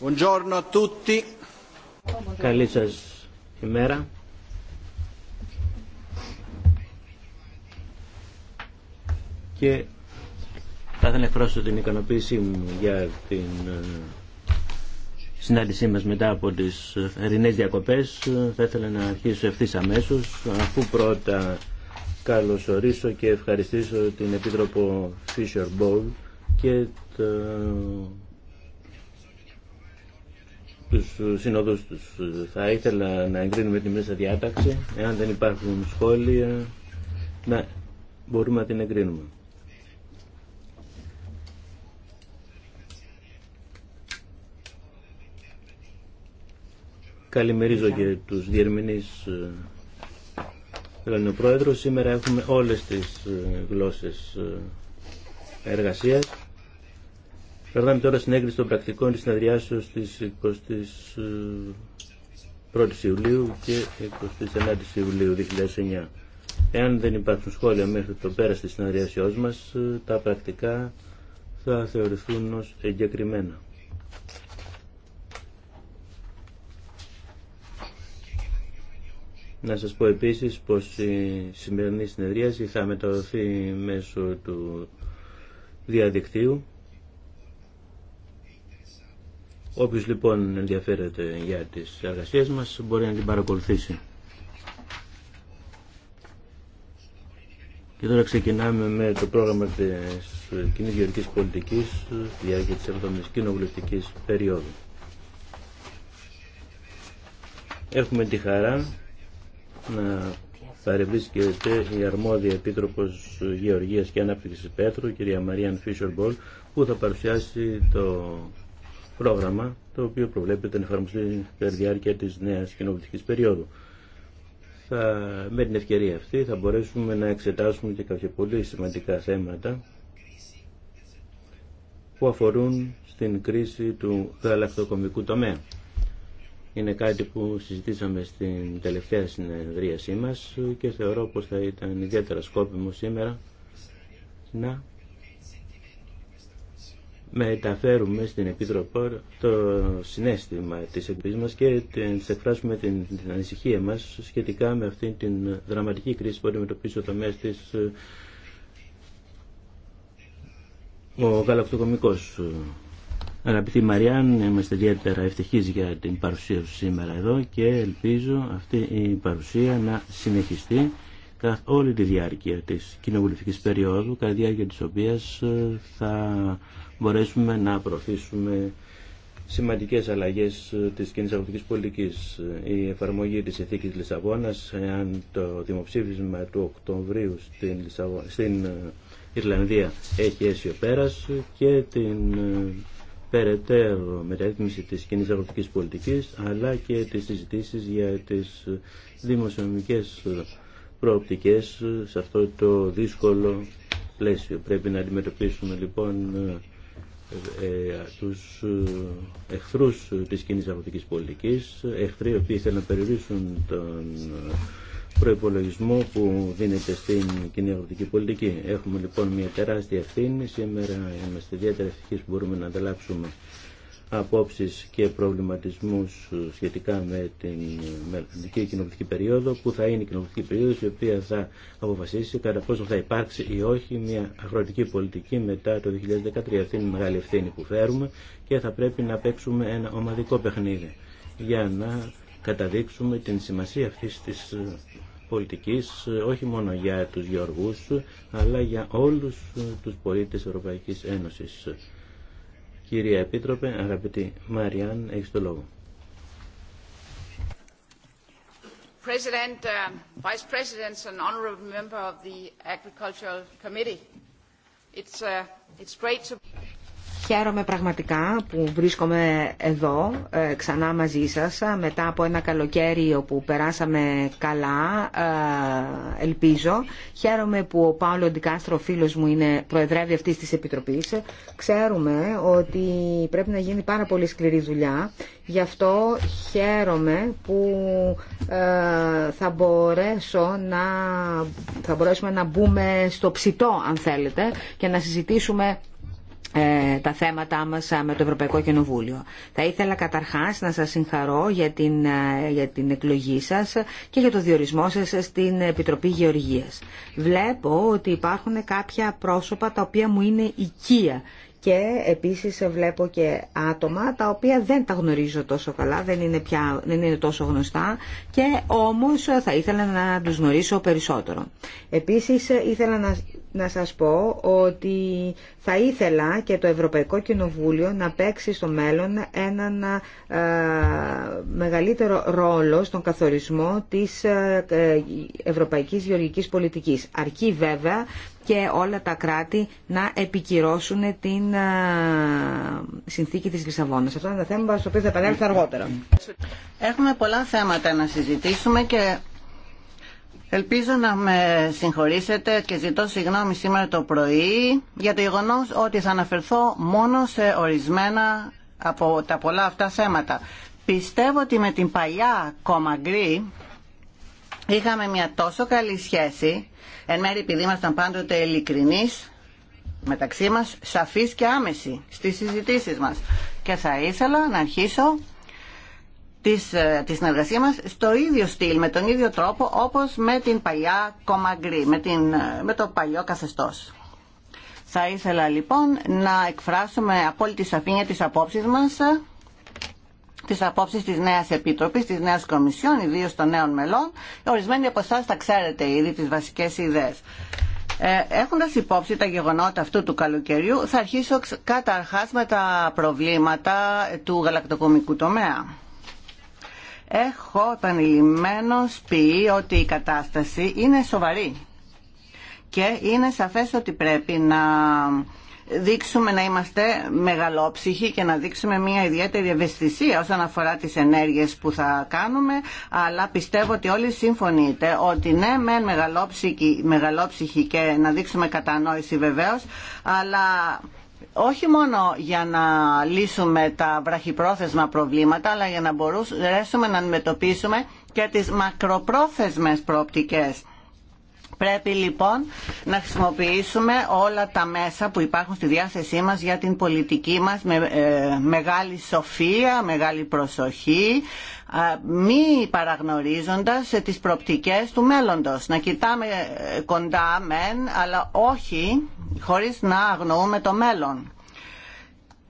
Buongiorno a Καλή σα ημέρα. Και θα ήθελα να εκφράσω την ικανοποίησή μου για την ε, συνάντησή μας μετά από τις ερηνές διακοπές. Θα ήθελα να αρχίσω ευθύ αμέσω, αφού πρώτα καλωσορίσω και ευχαριστήσω την Επίτροπο Fisher Bowl και το τους ε, συνόδους τους. Ε, θα ήθελα να εγκρίνουμε τη μέσα διάταξη. Εάν δεν υπάρχουν σχόλια, να μπορούμε να την εγκρίνουμε. Καλημερίζω και τους διερμηνείς ε, Έλληνο Σήμερα έχουμε όλες τις γλώσσες εργασίας. Περνάμε τώρα στην έγκριση των πρακτικών της συνεδριάσεως της 21ης ε, Ιουλίου και 29ης Ιουλίου 2009. Εάν δεν υπάρχουν σχόλια μέχρι το πέρας της συνεδριάσεώς μας, ε, τα πρακτικά θα θεωρηθούν ως εγκεκριμένα. Να σας πω επίσης πως η σημερινή συνεδρίαση θα μεταδοθεί μέσω του διαδικτύου Όποιος λοιπόν ενδιαφέρεται για τις εργασίες μας μπορεί να την παρακολουθήσει. Και τώρα ξεκινάμε με το πρόγραμμα της κοινή γεωργικής πολιτικής στη διάρκεια της 7 κοινοβουλευτικής περίοδου. Έχουμε τη χαρά να παρευρίσκεται η αρμόδια Επίτροπος Γεωργίας και Ανάπτυξης Πέτρου, κυρία Μαρία Φίσορ που θα παρουσιάσει το πρόγραμμα το οποίο προβλέπεται να εφαρμοστεί κατά τη διάρκεια της νέας κοινοβουλευτικής περίοδου. Θα, με την ευκαιρία αυτή θα μπορέσουμε να εξετάσουμε και κάποια πολύ σημαντικά θέματα που αφορούν στην κρίση του γαλακτοκομικού τομέα. Είναι κάτι που συζητήσαμε στην τελευταία συνεδρίασή μας και θεωρώ πως θα ήταν ιδιαίτερα σκόπιμο σήμερα να μεταφέρουμε στην Επίτροπο το συνέστημα της Επιτροπής μας και τις εκφράσουμε την, ανησυχία μας σχετικά με αυτήν την δραματική κρίση που αντιμετωπίζει ο τομέας της ο γαλακτοκομικός. Αγαπητή Μαριάν, είμαστε ιδιαίτερα ευτυχεί για την παρουσία σου σήμερα εδώ και ελπίζω αυτή η παρουσία να συνεχιστεί καθ' όλη τη διάρκεια της κοινοβουλευτικής περίοδου, κατά τη διάρκεια της οποίας ε, θα μπορέσουμε να προωθήσουμε σημαντικές αλλαγές της κοινή αγροτική πολιτικής. Η εφαρμογή της ηθίκη Λισαβόνας, εάν το δημοψήφισμα του Οκτωβρίου στην, Λισαβό... στην ε, Ιρλανδία έχει αίσιο πέρα και την ε, περαιτέρω μεταρρύθμιση της κοινή αγροτικής πολιτικής αλλά και τις συζητήσει για τις ε, δημοσιονομικές προοπτικές σε αυτό το δύσκολο πλαίσιο. Πρέπει να αντιμετωπίσουμε λοιπόν ε, τους ε, εχθρούς της κοινής αγροτικής πολιτικής, εχθροί οι οποίοι θέλουν να περιορίσουν τον προϋπολογισμό που δίνεται στην κοινή αγροτική πολιτική. Έχουμε λοιπόν μια τεράστια ευθύνη, σήμερα είμαστε ιδιαίτερα ευτυχείς που μπορούμε να ανταλλάξουμε απόψεις και προβληματισμούς σχετικά με την μελλοντική κοινοβουλευτική περίοδο που θα είναι η κοινοβουλευτική περίοδος η οποία θα αποφασίσει κατά πόσο θα υπάρξει ή όχι μια αγροτική πολιτική μετά το 2013. Αυτή είναι η μεγάλη ευθύνη που φέρουμε και θα πρέπει να παίξουμε ένα ομαδικό παιχνίδι για να καταδείξουμε την σημασία αυτής της πολιτικής όχι μόνο για τους γεωργούς αλλά για όλους τους πολίτες Ευρωπαϊκής Ένωσης. Κυρία Επίτροπε, αγαπητή Μαριάν, έχει το λόγο. President, Vice Presidents and Honourable Member of the Agricultural Committee, it's, it's great to... Χαίρομαι πραγματικά που βρίσκομαι εδώ ε, ξανά μαζί σας ε, μετά από ένα καλοκαίρι όπου περάσαμε καλά, ε, ελπίζω. Χαίρομαι που ο Πάολο Ντικάστρο, φίλος μου, είναι, προεδρεύει αυτής της Επιτροπής. Ξέρουμε ότι πρέπει να γίνει πάρα πολύ σκληρή δουλειά. Γι' αυτό χαίρομαι που θα, μπορέσω να, θα μπορέσουμε να μπούμε στο ψητό, αν θέλετε, και να συζητήσουμε ε, τα θέματα μας ε, με το Ευρωπαϊκό Κοινοβούλιο. Θα ήθελα καταρχάς να σας συγχαρώ για την, ε, για την εκλογή σας και για το διορισμό σας στην Επιτροπή Γεωργίας. Βλέπω ότι υπάρχουν κάποια πρόσωπα τα οποία μου είναι οικία και επίσης βλέπω και άτομα τα οποία δεν τα γνωρίζω τόσο καλά, δεν είναι, πια, δεν είναι τόσο γνωστά και όμως θα ήθελα να τους γνωρίσω περισσότερο. Επίσης ήθελα να να σας πω ότι θα ήθελα και το Ευρωπαϊκό Κοινοβούλιο να παίξει στο μέλλον έναν ε, μεγαλύτερο ρόλο στον καθορισμό της ε, ε, ευρωπαϊκής γεωργικής πολιτικής. Αρκεί βέβαια και όλα τα κράτη να επικυρώσουν την συνθήκη της Λισαβόνας. Αυτό είναι ένα θέμα στο οποίο θα επανέλθω αργότερα. Έχουμε πολλά θέματα να συζητήσουμε και Ελπίζω να με συγχωρήσετε και ζητώ συγγνώμη σήμερα το πρωί για το γεγονό ότι θα αναφερθώ μόνο σε ορισμένα από τα πολλά αυτά θέματα. Πιστεύω ότι με την παλιά γκρι είχαμε μια τόσο καλή σχέση, εν μέρει επειδή ήμασταν πάντοτε ειλικρινεί μεταξύ μας, σαφής και άμεση στις συζητήσεις μας. Και θα ήθελα να αρχίσω της, ε, τη συνεργασία μας στο ίδιο στυλ, με τον ίδιο τρόπο όπως με την παλιά κομμαγκρή, με, την, ε, με το παλιό καθεστώς. Θα ήθελα λοιπόν να εκφράσουμε απόλυτη σαφήνεια τις απόψεις μας, ε, τις απόψεις της νέας Επιτροπής, της νέας Κομισιόν, ιδίως των νέων μελών. Ορισμένοι από εσά τα ξέρετε ήδη τις βασικές ιδέες. Ε, Έχοντα υπόψη τα γεγονότα αυτού του καλοκαιριού, θα αρχίσω καταρχάς με τα προβλήματα του γαλακτοκομικού τομέα έχω επανειλημμένως πει ότι η κατάσταση είναι σοβαρή και είναι σαφές ότι πρέπει να δείξουμε να είμαστε μεγαλόψυχοι και να δείξουμε μια ιδιαίτερη ευαισθησία όσον αφορά τις ενέργειες που θα κάνουμε αλλά πιστεύω ότι όλοι συμφωνείτε ότι ναι μεν μεγαλόψυχοι, και να δείξουμε κατανόηση βεβαίως αλλά όχι μόνο για να λύσουμε τα βραχυπρόθεσμα προβλήματα, αλλά για να μπορέσουμε να αντιμετωπίσουμε και τις μακροπρόθεσμες προοπτικές. Πρέπει λοιπόν να χρησιμοποιήσουμε όλα τα μέσα που υπάρχουν στη διάθεσή μας για την πολιτική μας με ε, μεγάλη σοφία, μεγάλη προσοχή, μη παραγνωρίζοντας ε, τις προπτικές του μέλλοντος. Να κοιτάμε ε, κοντά μεν, αλλά όχι χωρίς να αγνοούμε το μέλλον.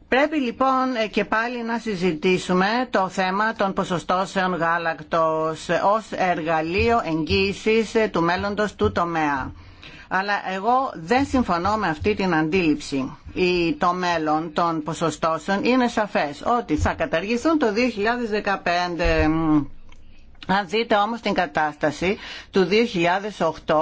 Πρέπει λοιπόν ε, και πάλι να συζητήσουμε το θέμα των ποσοστώσεων γάλακτος ως εργαλείο εγγύησης του μέλλοντος του τομέα. Αλλά εγώ δεν συμφωνώ με αυτή την αντίληψη. ή Το μέλλον των ποσοστώσεων είναι σαφές ότι θα καταργηθούν το 2015. Αν δείτε όμως την κατάσταση του 2008,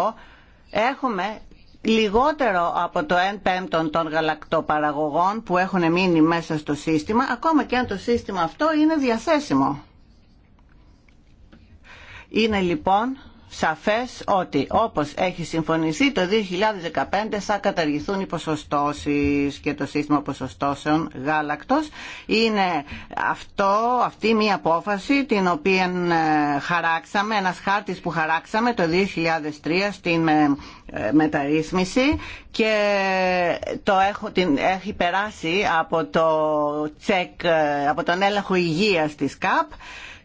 έχουμε λιγότερο από το 1 πέμπτο των γαλακτοπαραγωγών που έχουν μείνει μέσα στο σύστημα, ακόμα και αν το σύστημα αυτό είναι διαθέσιμο. Είναι λοιπόν σαφές ότι όπως έχει συμφωνηθεί το 2015 θα καταργηθούν οι ποσοστώσεις και το σύστημα ποσοστώσεων γάλακτος. Είναι αυτό, αυτή μια απόφαση την οποία ε, χαράξαμε, ένας χάρτης που χαράξαμε το 2003 στην ε, μεταρρύθμιση και το έχω, την, έχει περάσει από, το τσεκ, ε, από τον έλεγχο υγείας της ΚΑΠ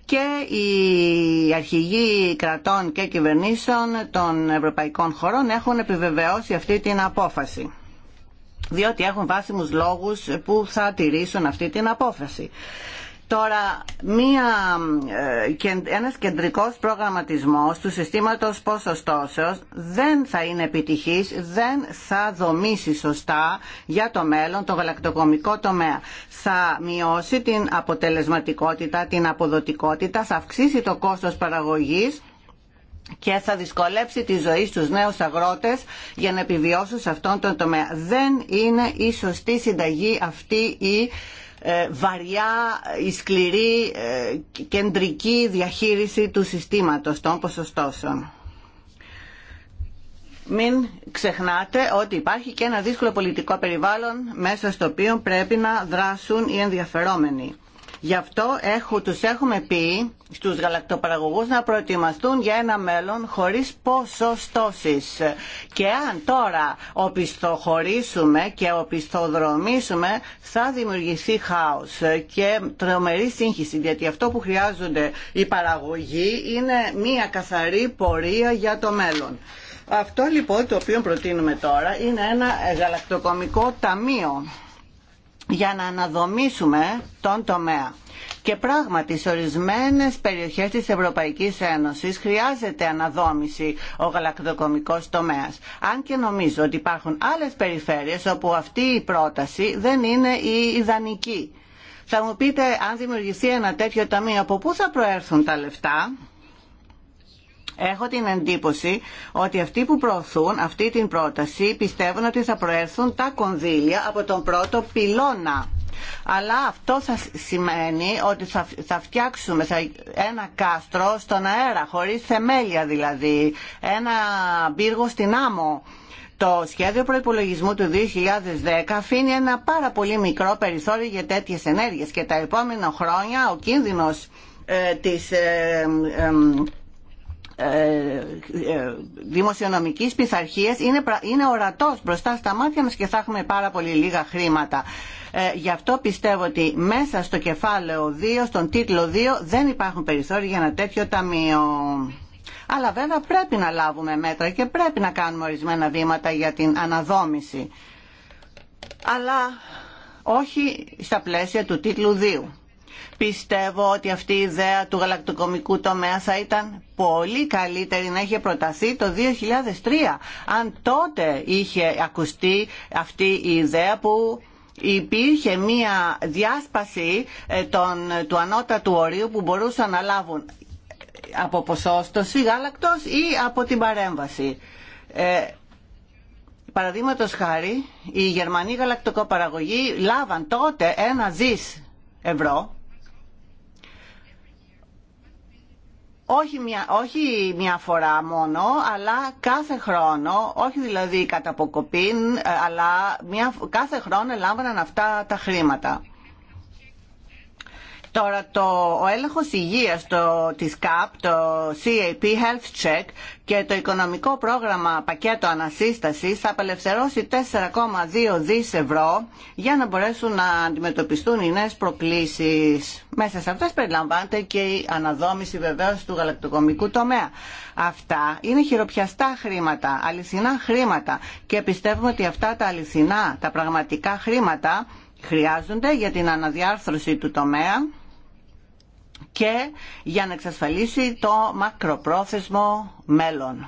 και οι αρχηγοί κρατών και κυβερνήσεων των ευρωπαϊκών χωρών έχουν επιβεβαιώσει αυτή την απόφαση διότι έχουν βάσιμους λόγους που θα τηρήσουν αυτή την απόφαση. Τώρα, μία, ε, ένας κεντρικός προγραμματισμός του συστήματος ποσοστώσεως δεν θα είναι επιτυχής, δεν θα δομήσει σωστά για το μέλλον το γαλακτοκομικό τομέα. Θα μειώσει την αποτελεσματικότητα, την αποδοτικότητα, θα αυξήσει το κόστος παραγωγής και θα δυσκολέψει τη ζωή στους νέους αγρότες για να επιβιώσουν σε αυτόν τον τομέα. Δεν είναι η σωστή συνταγή αυτή η ε, βαριά, η ε, κεντρική διαχείριση του συστήματος των ποσοστώσεων. Μην ξεχνάτε ότι υπάρχει και ένα δύσκολο πολιτικό περιβάλλον μέσα στο οποίο πρέπει να δράσουν οι ενδιαφερόμενοι. Γι' αυτό έχω, τους έχουμε πει στους γαλακτοπαραγωγούς να προετοιμαστούν για ένα μέλλον χωρίς ποσοστώσεις. Και αν τώρα οπισθοχωρήσουμε και οπισθοδρομήσουμε θα δημιουργηθεί χάος και τρομερή σύγχυση γιατί αυτό που χρειάζονται οι παραγωγοί είναι μία καθαρή πορεία για το μέλλον. Αυτό λοιπόν το οποίο προτείνουμε τώρα είναι ένα γαλακτοκομικό ταμείο για να αναδομήσουμε τον τομέα. Και πράγματι, σε ορισμένες περιοχές της Ευρωπαϊκής Ένωσης χρειάζεται αναδόμηση ο γαλακτοκομικός τομέας. Αν και νομίζω ότι υπάρχουν άλλες περιφέρειες όπου αυτή η πρόταση δεν είναι η ιδανική. Θα μου πείτε, αν δημιουργηθεί ένα τέτοιο ταμείο, από πού θα προέρθουν τα λεφτά Έχω την εντύπωση ότι αυτοί που προωθούν αυτή την πρόταση πιστεύουν ότι θα προέρθουν τα κονδύλια από τον πρώτο πυλώνα. Αλλά αυτό θα σημαίνει ότι θα, θα φτιάξουμε ένα κάστρο στον αέρα, χωρίς θεμέλια δηλαδή, ένα πύργο στην άμμο. Το σχέδιο προϋπολογισμού του 2010 αφήνει ένα πάρα πολύ μικρό περιθώριο για τέτοιες ενέργειες και τα επόμενα χρόνια ο κίνδυνος ε, της... Ε, ε, ε, ε, δημοσιονομικής πειθαρχίας είναι, είναι ορατός μπροστά στα μάτια μας και θα έχουμε πάρα πολύ λίγα χρήματα. Ε, γι' αυτό πιστεύω ότι μέσα στο κεφάλαιο 2, στον τίτλο 2, δεν υπάρχουν περιθώρια για ένα τέτοιο ταμείο. Αλλά βέβαια πρέπει να λάβουμε μέτρα και πρέπει να κάνουμε ορισμένα βήματα για την αναδόμηση. Αλλά όχι στα πλαίσια του τίτλου 2. Πιστεύω ότι αυτή η ιδέα του γαλακτοκομικού τομέα θα ήταν πολύ καλύτερη να είχε προταθεί το 2003. Αν τότε είχε ακουστεί αυτή η ιδέα που υπήρχε μία διάσπαση ε, των, του ανώτατου ορίου που μπορούσαν να λάβουν από ποσόστοση γάλακτος ή από την παρέμβαση. Ε, Παραδείγματο χάρη, οι Γερμανοί γαλακτοκοπαραγωγοί λάβαν τότε ένα δις ευρώ όχι μια, όχι μια φορά μόνο, αλλά κάθε χρόνο, όχι δηλαδή κατά αποκοπή, ε, αλλά μια, κάθε χρόνο ελάμβαναν αυτά τα χρήματα. Τώρα το, ο έλεγχος υγείας το, της ΚΑΠ, το CAP Health Check και το οικονομικό πρόγραμμα πακέτο ανασύστασης θα απελευθερώσει 4,2 δις ευρώ για να μπορέσουν να αντιμετωπιστούν οι νέες προκλήσεις. Μέσα σε αυτές περιλαμβάνεται και η αναδόμηση βεβαίως του γαλακτοκομικού τομέα. Αυτά είναι χειροπιαστά χρήματα, αληθινά χρήματα και πιστεύουμε ότι αυτά τα αληθινά, τα πραγματικά χρήματα χρειάζονται για την αναδιάρθρωση του τομέα και για να εξασφαλίσει το μακροπρόθεσμο μέλλον.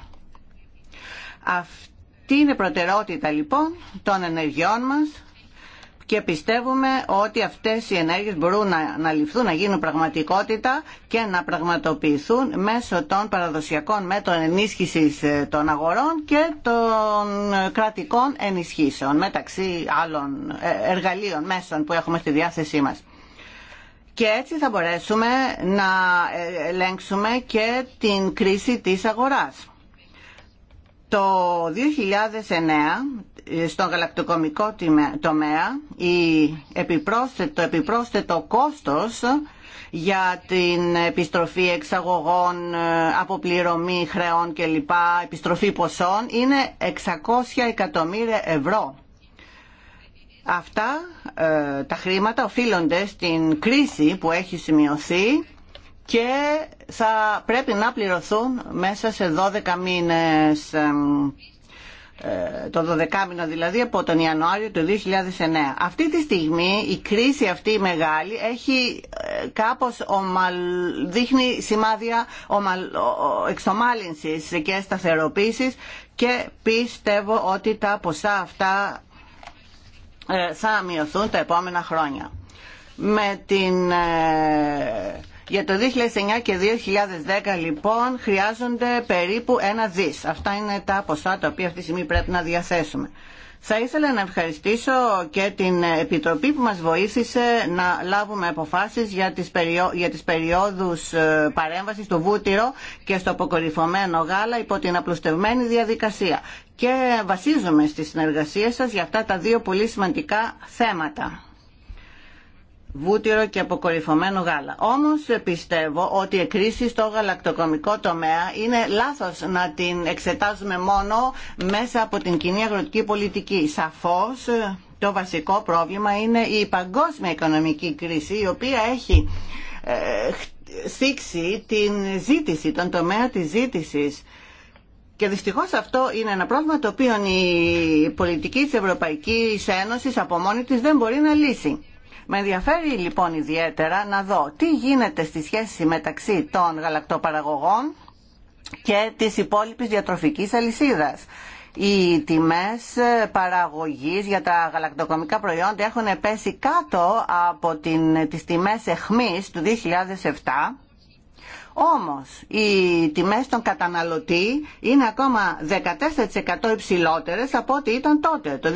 Αυτή είναι η προτεραιότητα λοιπόν των ενεργειών μας και πιστεύουμε ότι αυτές οι ενέργειες μπορούν να, να ληφθούν, να γίνουν πραγματικότητα και να πραγματοποιηθούν μέσω των παραδοσιακών μέτρων ενίσχυσης ε, των αγορών και των ε, κρατικών ενισχύσεων μεταξύ άλλων ε, εργαλείων, μέσων που έχουμε στη διάθεσή μας και έτσι θα μπορέσουμε να ελέγξουμε και την κρίση της αγοράς. Το 2009 στον γαλακτοκομικό τομέα η επιπρόσθετο, το επιπρόσθετο κόστος για την επιστροφή εξαγωγών, αποπληρωμή χρεών κλπ, επιστροφή ποσών είναι 600 εκατομμύρια ευρώ. Αυτά ε, τα χρήματα οφείλονται στην κρίση που έχει σημειωθεί και θα πρέπει να πληρωθούν μέσα σε 12 μήνες ε, το 12 μήνα δηλαδή από τον Ιανουάριο του 2009. Αυτή τη στιγμή η κρίση αυτή η μεγάλη έχει ε, κάπως ομαλ... δείχνει σημάδια ομαλ... εξομάλυνσης και σταθεροποίησης και πιστεύω ότι τα ποσά αυτά ε, θα μειωθούν τα επόμενα χρόνια. Με την... Ε, για το 2009 και 2010 λοιπόν χρειάζονται περίπου ένα δις. Αυτά είναι τα ποσά τα οποία αυτή τη στιγμή πρέπει να διαθέσουμε. Θα ήθελα να ευχαριστήσω και την Επιτροπή που μας βοήθησε να λάβουμε αποφάσεις για τις, περίοδου για τις περιόδους ε, παρέμβασης του βούτυρο και στο αποκορυφωμένο γάλα υπό την απλουστευμένη διαδικασία και βασίζομαι στη συνεργασία σας για αυτά τα δύο πολύ σημαντικά θέματα βούτυρο και αποκορυφωμένο γάλα. Όμως πιστεύω ότι η κρίση στο γαλακτοκομικό τομέα είναι λάθος να την εξετάζουμε μόνο μέσα από την κοινή αγροτική πολιτική. Σαφώς το βασικό πρόβλημα είναι η παγκόσμια οικονομική κρίση η οποία έχει ε, την ζήτηση, τον τομέα της ζήτησης και δυστυχώ αυτό είναι ένα πρόβλημα το οποίο η πολιτική τη Ευρωπαϊκή Ένωση από μόνη τη δεν μπορεί να λύσει. Με ενδιαφέρει λοιπόν ιδιαίτερα να δω τι γίνεται στη σχέση μεταξύ των γαλακτοπαραγωγών και της υπόλοιπης διατροφικής αλυσίδας. Οι τιμές παραγωγής για τα γαλακτοκομικά προϊόντα έχουν πέσει κάτω από την, τις τιμές εχμής του 2007 όμως οι τιμές των καταναλωτή είναι ακόμα 14% υψηλότερες από ό,τι ήταν τότε, το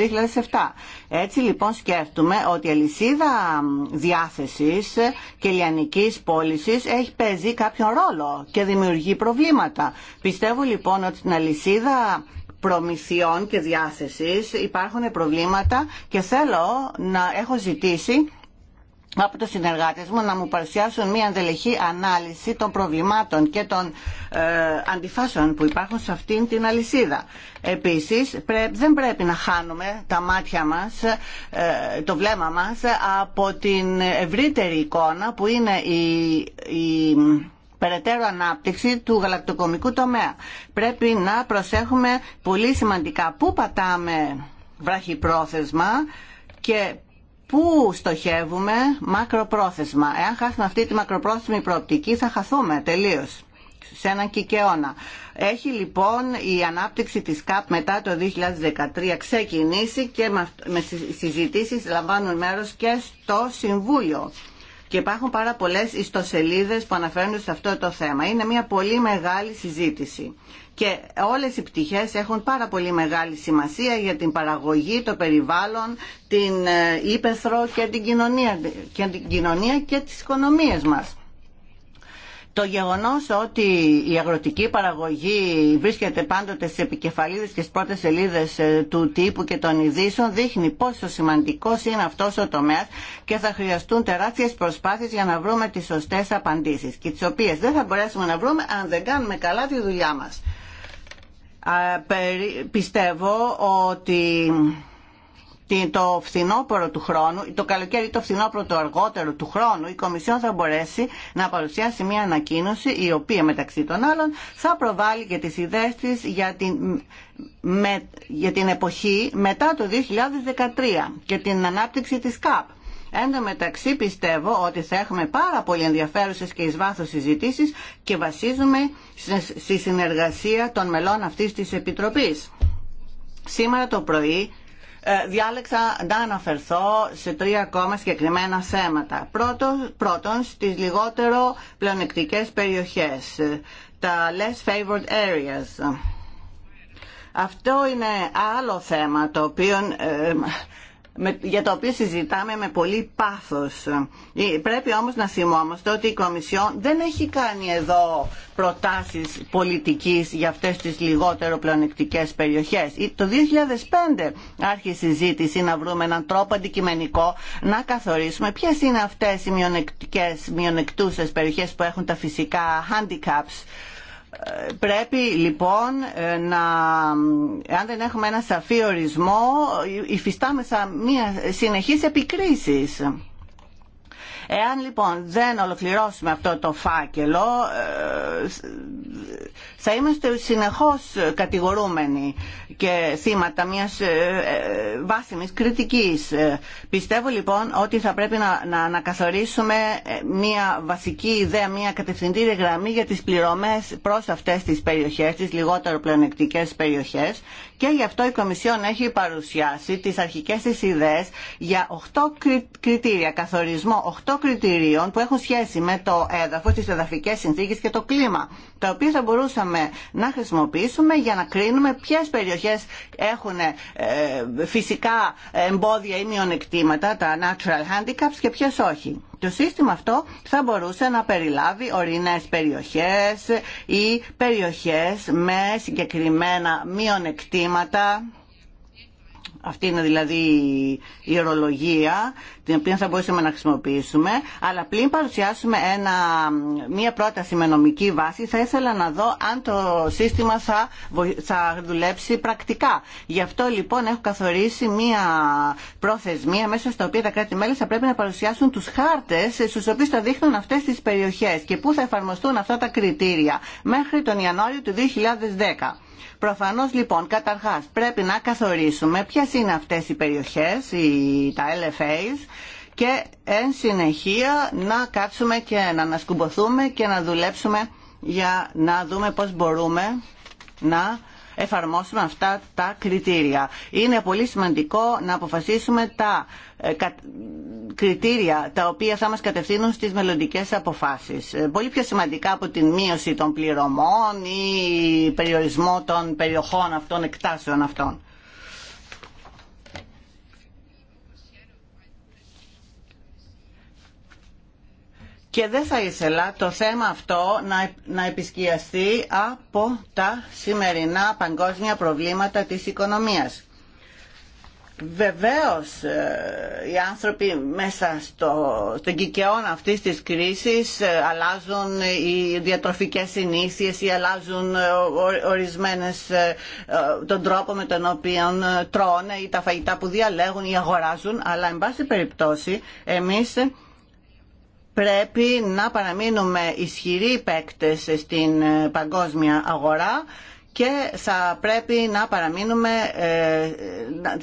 2007. Έτσι λοιπόν σκέφτομαι ότι η αλυσίδα διάθεσης και λιανικής πώληση έχει παίζει κάποιον ρόλο και δημιουργεί προβλήματα. Πιστεύω λοιπόν ότι στην αλυσίδα προμηθειών και διάθεσης υπάρχουν προβλήματα και θέλω να έχω ζητήσει από τους συνεργάτες μου να μου παρουσιάσουν μια αντελεχή ανάλυση των προβλημάτων και των ε, αντιφάσεων που υπάρχουν σε αυτήν την αλυσίδα. Επίσης, δεν πρέπει να χάνουμε τα μάτια μας, ε, το βλέμμα μας, από την ευρύτερη εικόνα που είναι η, η περαιτέρω ανάπτυξη του γαλακτοκομικού τομέα. Πρέπει να προσέχουμε πολύ σημαντικά πού πατάμε βραχυπρόθεσμα και πού στοχεύουμε μακροπρόθεσμα. Εάν χάσουμε αυτή τη μακροπρόθεσμη προοπτική θα χαθούμε τελείως σε έναν κικαιώνα. Έχει λοιπόν η ανάπτυξη της ΚΑΠ μετά το 2013 ξεκινήσει και με συζητήσεις λαμβάνουν μέρος και στο Συμβούλιο. Και υπάρχουν πάρα πολλέ ιστοσελίδες που αναφέρουν σε αυτό το θέμα. Είναι μια πολύ μεγάλη συζήτηση. Και όλες οι πτυχέ έχουν πάρα πολύ μεγάλη σημασία για την παραγωγή, το περιβάλλον, την ε, ύπεθρο και την κοινωνία και, την κοινωνία και τις οικονομίες μας. Το γεγονός ότι η αγροτική παραγωγή βρίσκεται πάντοτε στις επικεφαλίδες και στις πρώτες σελίδες ε, του τύπου και των ειδήσεων δείχνει πόσο σημαντικός είναι αυτός ο τομέας και θα χρειαστούν τεράστιες προσπάθειες για να βρούμε τις σωστές απαντήσεις και τις οποίες δεν θα μπορέσουμε να βρούμε αν δεν κάνουμε καλά τη δουλειά μας. Πιστεύω ότι το φθινόπωρο του χρόνου, το καλοκαίρι το φθινόπωρο το αργότερο του χρόνου, η Κομισιόν θα μπορέσει να παρουσιάσει μια ανακοίνωση η οποία μεταξύ των άλλων θα προβάλλει και τις ιδέες της για την, με, για την εποχή μετά το 2013 και την ανάπτυξη της ΚΑΠ. Εν τω μεταξύ πιστεύω ότι θα έχουμε πάρα πολύ ενδιαφέρουσες και εις βάθος συζητήσεις και βασίζουμε στη συνεργασία των μελών αυτής της Επιτροπής. Σήμερα το πρωί ε, διάλεξα να αναφερθώ σε τρία ακόμα συγκεκριμένα θέματα. Πρώτο, πρώτον, στις λιγότερο πλεονεκτικές περιοχές, τα less favored areas. Αυτό είναι άλλο θέμα το οποίο ε, για το οποίο συζητάμε με πολύ πάθος. Ε, πρέπει όμως να θυμόμαστε ότι η Κομισιόν δεν έχει κάνει εδώ προτάσεις πολιτικής για αυτές τις λιγότερο πλεονεκτικές περιοχές. Ε, το 2005 άρχισε η συζήτηση να βρούμε έναν τρόπο αντικειμενικό να καθορίσουμε ποιες είναι αυτές οι μειονεκτικές, μειονεκτούσες περιοχές που έχουν τα φυσικά handicaps Πρέπει λοιπόν ε, να, ε, αν δεν έχουμε ένα σαφή ορισμό, υφιστάμεσα μία συνεχής επικρίσεις. Εάν λοιπόν δεν ολοκληρώσουμε αυτό το φάκελο, ε, θα είμαστε συνεχώς κατηγορούμενοι και θύματα μιας ε, ε, βάσιμης κριτικής. Ε, πιστεύω λοιπόν ότι θα πρέπει να ανακαθορίσουμε μια βασική ιδέα, μια κατευθυντήρια γραμμή για τις πληρωμές προς αυτές τις περιοχές, τις λιγότερο πλεονεκτικές περιοχές και γι' αυτό η Κομισιόν έχει παρουσιάσει τις αρχικές της ιδέες για 8 κριτήρια, καθορισμό 8 κριτηρίων που έχουν σχέση με το έδαφος, τις εδαφικές συνθήκες και το κλίμα τα οποία θα μπορούσαμε να χρησιμοποιήσουμε για να κρίνουμε ποιες περιοχές έχουν ε, φυσικά εμπόδια ή μειονεκτήματα, τα natural handicaps και ποιες όχι. Το σύστημα αυτό θα μπορούσε να περιλάβει ορεινές περιοχές ή περιοχές με συγκεκριμένα μειονεκτήματα αυτή είναι δηλαδή η ορολογία την οποία θα μπορούσαμε να χρησιμοποιήσουμε. Αλλά πριν παρουσιάσουμε ένα, μία πρόταση με νομική βάση, θα ήθελα να δω αν το σύστημα θα, θα δουλέψει πρακτικά. Γι' αυτό λοιπόν έχω καθορίσει μία προθεσμία μέσα στα οποία τα κράτη-μέλη θα πρέπει να παρουσιάσουν του χάρτε στου οποίου θα δείχνουν αυτέ τι περιοχέ και πού θα εφαρμοστούν αυτά τα κριτήρια μέχρι τον Ιανουάριο του 2010. Προφανώς λοιπόν καταρχάς πρέπει να καθορίσουμε ποιες είναι αυτές οι περιοχές, οι, τα LFAs και εν συνεχεία να κάτσουμε και να ανασκουμποθούμε και να δουλέψουμε για να δούμε πώς μπορούμε να εφαρμόσουμε αυτά τα κριτήρια. Είναι πολύ σημαντικό να αποφασίσουμε τα ε, κριτήρια τα οποία θα μας κατευθύνουν στις μελλοντικέ αποφάσεις. Ε, πολύ πιο σημαντικά από την μείωση των πληρωμών ή περιορισμό των περιοχών αυτών, εκτάσεων αυτών. και δεν θα ήθελα το θέμα αυτό να, να επισκιαστεί από τα σημερινά παγκόσμια προβλήματα της οικονομίας. Βεβαίως ε, οι άνθρωποι μέσα στο, στον κικαιόν αυτής της κρίσης ε, αλλάζουν οι διατροφικές συνήθειες ή αλλάζουν ε, ορισμένες τον τρόπο με τον οποίο τρώνε ή τα φαγητά που διαλέγουν ή αγοράζουν αλλά εν πάση περιπτώσει εμείς πρέπει να παραμείνουμε ισχυροί παίκτες στην ε, παγκόσμια αγορά και θα πρέπει να παραμείνουμε, ε,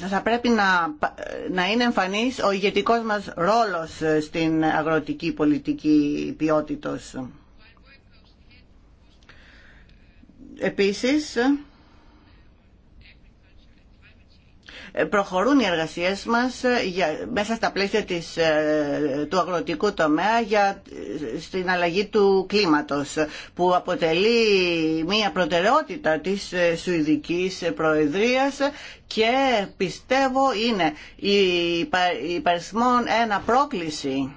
θα πρέπει να, ε, να είναι εμφανής ο ηγετικός μας ρόλος στην αγροτική πολιτική ποιότητος. Επίσης, προχωρούν οι εργασίες μας ε, για, μέσα στα πλαίσια της, ε, του αγροτικού τομέα για, ε, στην αλλαγή του κλίματος που αποτελεί μια προτεραιότητα της Σουηδικής Προεδρίας και πιστεύω είναι η παρισμόν ένα πρόκληση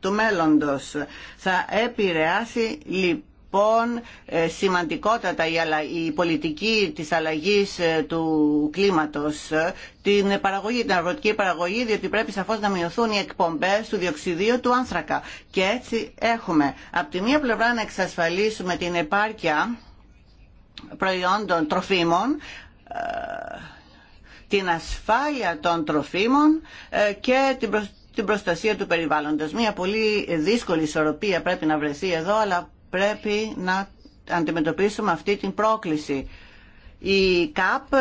του μέλλοντος θα επηρεάσει λοιπόν ε, σημαντικότατα η, πολιτική της αλλαγής ε, του κλίματος ε, την παραγωγή, την αγροτική παραγωγή διότι πρέπει σαφώς να μειωθούν οι εκπομπές του διοξιδίου του άνθρακα και έτσι έχουμε από τη μία πλευρά να εξασφαλίσουμε την επάρκεια προϊόντων τροφίμων την ασφάλεια των τροφίμων και την προστασία του περιβάλλοντος. Μια πολύ δύσκολη ισορροπία πρέπει να βρεθεί εδώ, αλλά πρέπει να αντιμετωπίσουμε αυτή την πρόκληση. Η ΚΑΠ ε,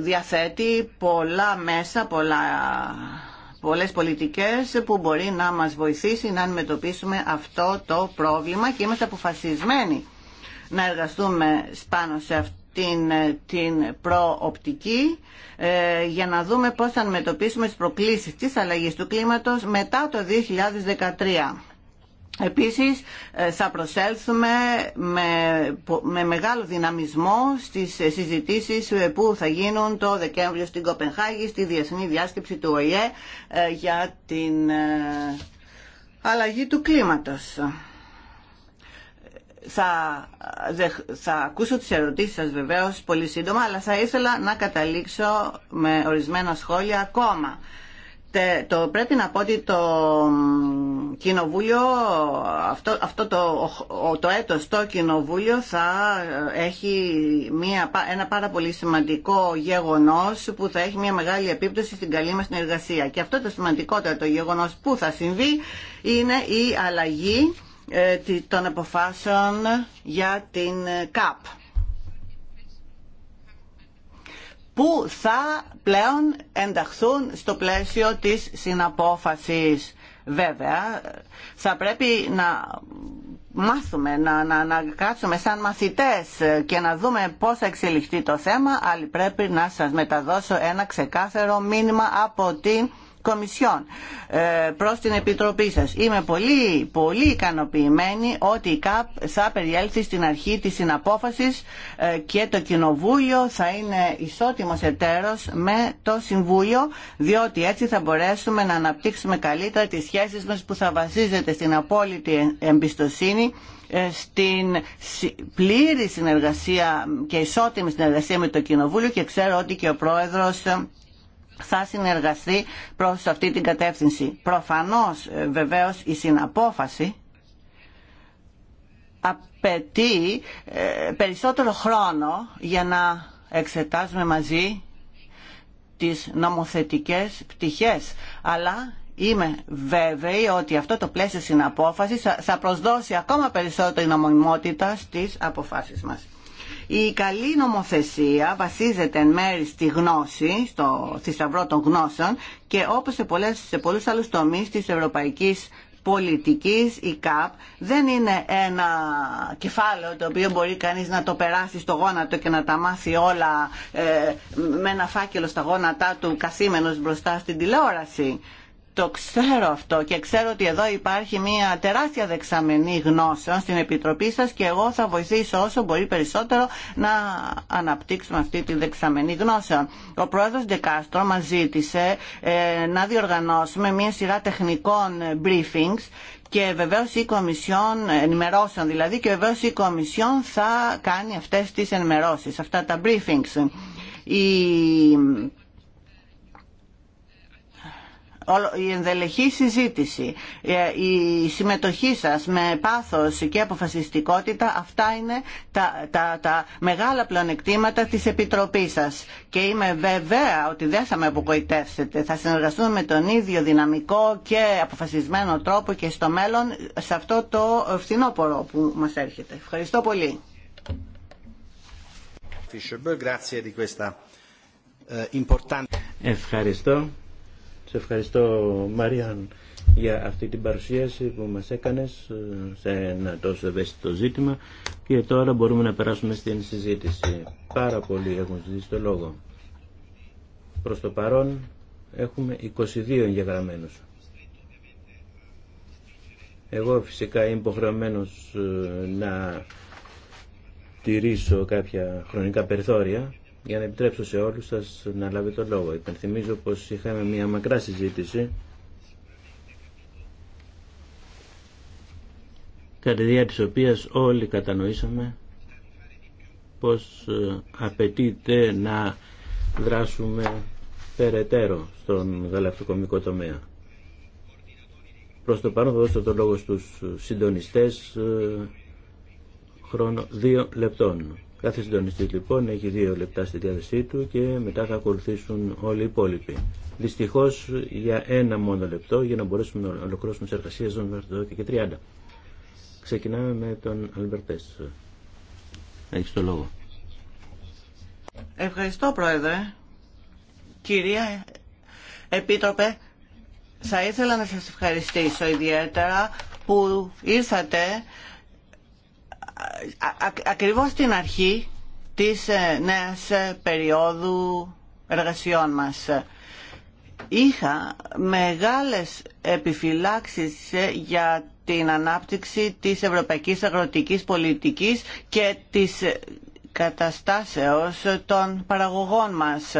διαθέτει πολλά μέσα, πολλά, πολλές πολιτικές που μπορεί να μας βοηθήσει να αντιμετωπίσουμε αυτό το πρόβλημα και είμαστε αποφασισμένοι να εργαστούμε πάνω σε αυτή ε, την προοπτική ε, για να δούμε πώς θα αντιμετωπίσουμε τις προκλήσεις της αλλαγής του κλίματος μετά το 2013. Επίσης ε, θα προσέλθουμε με, με μεγάλο δυναμισμό στις συζητήσεις ε, που θα γίνουν το Δεκέμβριο στην Κοπενχάγη στη Διεθνή Διάσκεψη του ΟΗΕ ε, για την αλλαγή του κλίματος. Θα, θα ακούσω τις ερωτήσεις σας βεβαίως πολύ σύντομα αλλά θα ήθελα να καταλήξω με ορισμένα σχόλια ακόμα το, πρέπει να πω ότι το κοινοβούλιο, αυτό, αυτό το, το έτος το κοινοβούλιο θα ε, έχει μια, ένα πάρα πολύ σημαντικό γεγονός που θα έχει μια μεγάλη επίπτωση στην καλή μας συνεργασία. Και αυτό το σημαντικότερο το γεγονός που θα συμβεί είναι η αλλαγή ε, των αποφάσεων για την ε, ΚΑΠ. που θα πλέον ενταχθούν στο πλαίσιο της συναπόφασης. Βέβαια, θα πρέπει να μάθουμε, να, να, να κάτσουμε σαν μαθητές και να δούμε πώς θα εξελιχθεί το θέμα, αλλά πρέπει να σας μεταδώσω ένα ξεκάθαρο μήνυμα από την Κομισιόν ε, προς την Επιτροπή σας. Είμαι πολύ, πολύ ικανοποιημένη ότι η ΚΑΠ θα περιέλθει στην αρχή της συναπόφασης ε, και το Κοινοβούλιο θα είναι ισότιμος εταίρος με το Συμβούλιο διότι έτσι θα μπορέσουμε να αναπτύξουμε καλύτερα τις σχέσεις μας που θα βασίζεται στην απόλυτη εμπιστοσύνη ε, στην πλήρη συνεργασία και ισότιμη συνεργασία με το Κοινοβούλιο και ξέρω ότι και ο Πρόεδρος θα συνεργαστεί προς αυτή την κατεύθυνση. Προφανώς ε, βεβαίως η συναπόφαση απαιτεί ε, περισσότερο χρόνο για να εξετάζουμε μαζί τις νομοθετικές πτυχές. Αλλά είμαι βέβαιη ότι αυτό το πλαίσιο συναπόφασης θα προσδώσει ακόμα περισσότερη νομιμότητα στις αποφάσεις μας. Η καλή νομοθεσία βασίζεται εν μέρη στη γνώση, στο θησαυρό των γνώσεων και όπως σε, πολλές, σε πολλούς άλλους τομείς της ευρωπαϊκής πολιτικής, η ΚΑΠ, δεν είναι ένα κεφάλαιο το οποίο μπορεί κανείς να το περάσει στο γόνατο και να τα μάθει όλα ε, με ένα φάκελο στα γόνατά του καθήμενος μπροστά στην τηλεόραση το ξέρω αυτό και ξέρω ότι εδώ υπάρχει μια τεράστια δεξαμενή γνώσεων στην Επιτροπή σας και εγώ θα βοηθήσω όσο μπορεί περισσότερο να αναπτύξουμε αυτή τη δεξαμενή γνώσεων. Ο πρόεδρος Ντεκάστρο μας ζήτησε ε, να διοργανώσουμε μια σειρά τεχνικών briefings και βεβαίως η Κομισιόν, ενημερώσεων δηλαδή, και βεβαίως η Κομισιόν θα κάνει αυτές τις ενημερώσεις, αυτά τα briefings. Η η ενδελεχή συζήτηση, ε, η συμμετοχή σας με πάθος και αποφασιστικότητα, αυτά είναι τα, τα, μεγάλα πλεονεκτήματα της Επιτροπής σας. Και είμαι βεβαία ότι δεν θα με αποκοητεύσετε. Θα συνεργαστούμε με τον ίδιο δυναμικό και αποφασισμένο τρόπο και στο μέλλον σε αυτό το φθινόπορο που μας έρχεται. Ευχαριστώ πολύ. Eh, Ευχαριστώ. Σε ευχαριστώ Μαρία για αυτή την παρουσίαση που μας έκανες ε, σε ένα τόσο ευαίσθητο ζήτημα και τώρα μπορούμε να περάσουμε στην συζήτηση. Πάρα πολλοί έχουν ζητήσει το λόγο. Προς το παρόν έχουμε 22 εγγεγραμμένους. Εγώ φυσικά είμαι υποχρεωμένο ε, να τηρήσω κάποια χρονικά περιθώρια για να επιτρέψω σε όλους σας να λάβει το λόγο. Υπενθυμίζω πως είχαμε μια μακρά συζήτηση κατά τη διάρκεια της οποίας όλοι κατανοήσαμε πως ε, απαιτείται να δράσουμε περαιτέρω στον γαλακτοκομικό τομέα. Προς το πάνω θα δώσω το λόγο στους συντονιστές ε, χρόνο δύο λεπτών. Κάθε συντονιστή λοιπόν έχει δύο λεπτά στη διάθεσή του και μετά θα ακολουθήσουν όλοι οι υπόλοιποι. Δυστυχώ για ένα μόνο λεπτό για να μπορέσουμε να ολοκληρώσουμε τι εργασίε των 12 και 30. Ξεκινάμε με τον Αλμπερτέ. Έχει το λόγο. Ευχαριστώ Πρόεδρε. Κυρία Επίτροπε, θα ήθελα να σας ευχαριστήσω ιδιαίτερα που ήρθατε ακριβώς στην αρχή της ε, νέας ε, περίοδου εργασιών μας. Είχα μεγάλες επιφυλάξεις ε, για την ανάπτυξη της ευρωπαϊκής αγροτικής πολιτικής και της καταστάσεως των παραγωγών μας.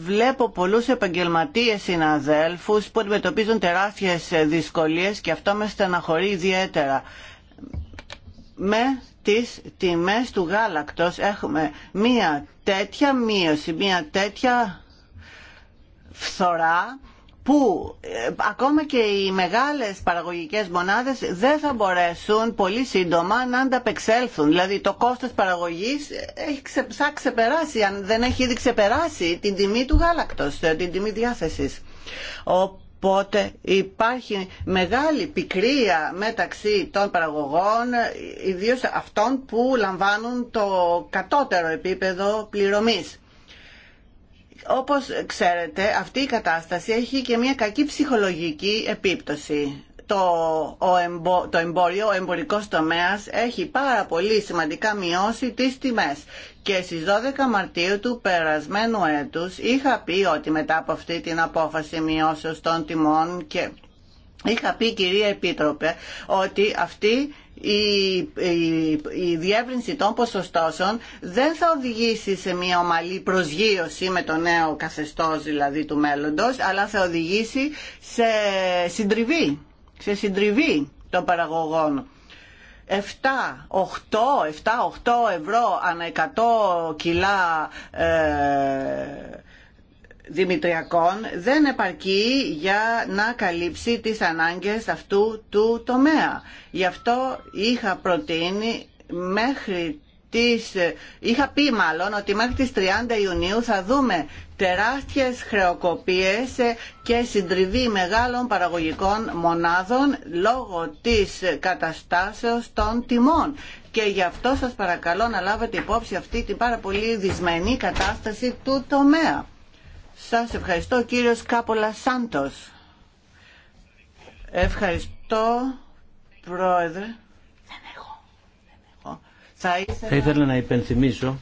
Βλέπω πολλούς επαγγελματίες συναδέλφους που αντιμετωπίζουν τεράστιες δυσκολίες και αυτό με στεναχωρεί ιδιαίτερα με τις τιμές του γάλακτος έχουμε μία τέτοια μείωση, μία τέτοια φθορά που ε, ακόμα και οι μεγάλες παραγωγικές μονάδες δεν θα μπορέσουν πολύ σύντομα να ανταπεξέλθουν. Δηλαδή το κόστος παραγωγής έχει θα ξεπεράσει, αν δεν έχει ήδη ξεπεράσει την τιμή του γάλακτος, ε, την τιμή διάθεσης. Οπότε υπάρχει μεγάλη πικρία μεταξύ των παραγωγών, ιδίως αυτών που λαμβάνουν το κατώτερο επίπεδο πληρωμής. Όπως ξέρετε, αυτή η κατάσταση έχει και μια κακή ψυχολογική επίπτωση το εμπόριο, ο εμπορικός τομέας έχει πάρα πολύ σημαντικά μειώσει τις τιμές. Και στις 12 Μαρτίου του περασμένου έτους είχα πει ότι μετά από αυτή την απόφαση μειώσεως των τιμών και είχα πει κυρία Επίτροπε ότι αυτή η, η, η διεύρυνση των ποσοστώσεων δεν θα οδηγήσει σε μια ομαλή προσγείωση με το νέο καθεστώς δηλαδή του μέλλοντος αλλά θα οδηγήσει σε συντριβή σε συντριβή των παραγωγών. 7, 8, 7, 8 ευρώ ανά 100 κιλά ε, δημητριακών δεν επαρκεί για να καλύψει τις ανάγκες αυτού του τομέα. Γι' αυτό είχα προτείνει μέχρι είχα πει μάλλον ότι μέχρι τις 30 Ιουνίου θα δούμε τεράστιες χρεοκοπίες και συντριβή μεγάλων παραγωγικών μονάδων λόγω της καταστάσεως των τιμών. Και γι' αυτό σας παρακαλώ να λάβετε υπόψη αυτή την πάρα πολύ δυσμενή κατάσταση του τομέα. Σας ευχαριστώ κύριος Κάπολα Σάντος. Ευχαριστώ πρόεδρε. Θα ήθελα... να υπενθυμίσω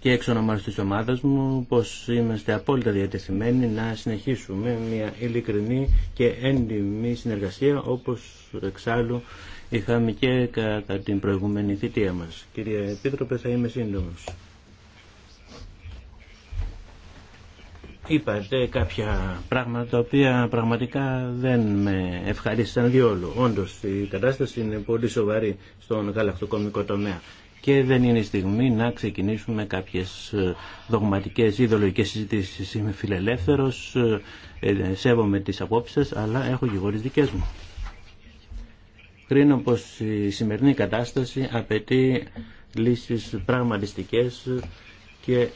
και να ονομάς της ομάδας μου πως είμαστε απόλυτα διατεθειμένοι να συνεχίσουμε μια ειλικρινή και έντιμη συνεργασία όπως εξάλλου είχαμε και κατά την προηγούμενη θητεία μας. Κυρία Επίτροπε θα είμαι σύντομος. είπατε κάποια πράγματα τα οποία πραγματικά δεν με ευχαρίστησαν διόλου. Όντως η κατάσταση είναι πολύ σοβαρή στον γαλακτοκομικό τομέα και δεν είναι η στιγμή να ξεκινήσουμε κάποιες ε, δογματικές ή ιδεολογικές συζητήσεις. Είμαι φιλελεύθερος, ε, ε, σέβομαι τις απόψεις αλλά έχω και εγώ δικές μου. Κρίνω πως η σημερινή κατάσταση απαιτεί λύσεις πραγματιστικές και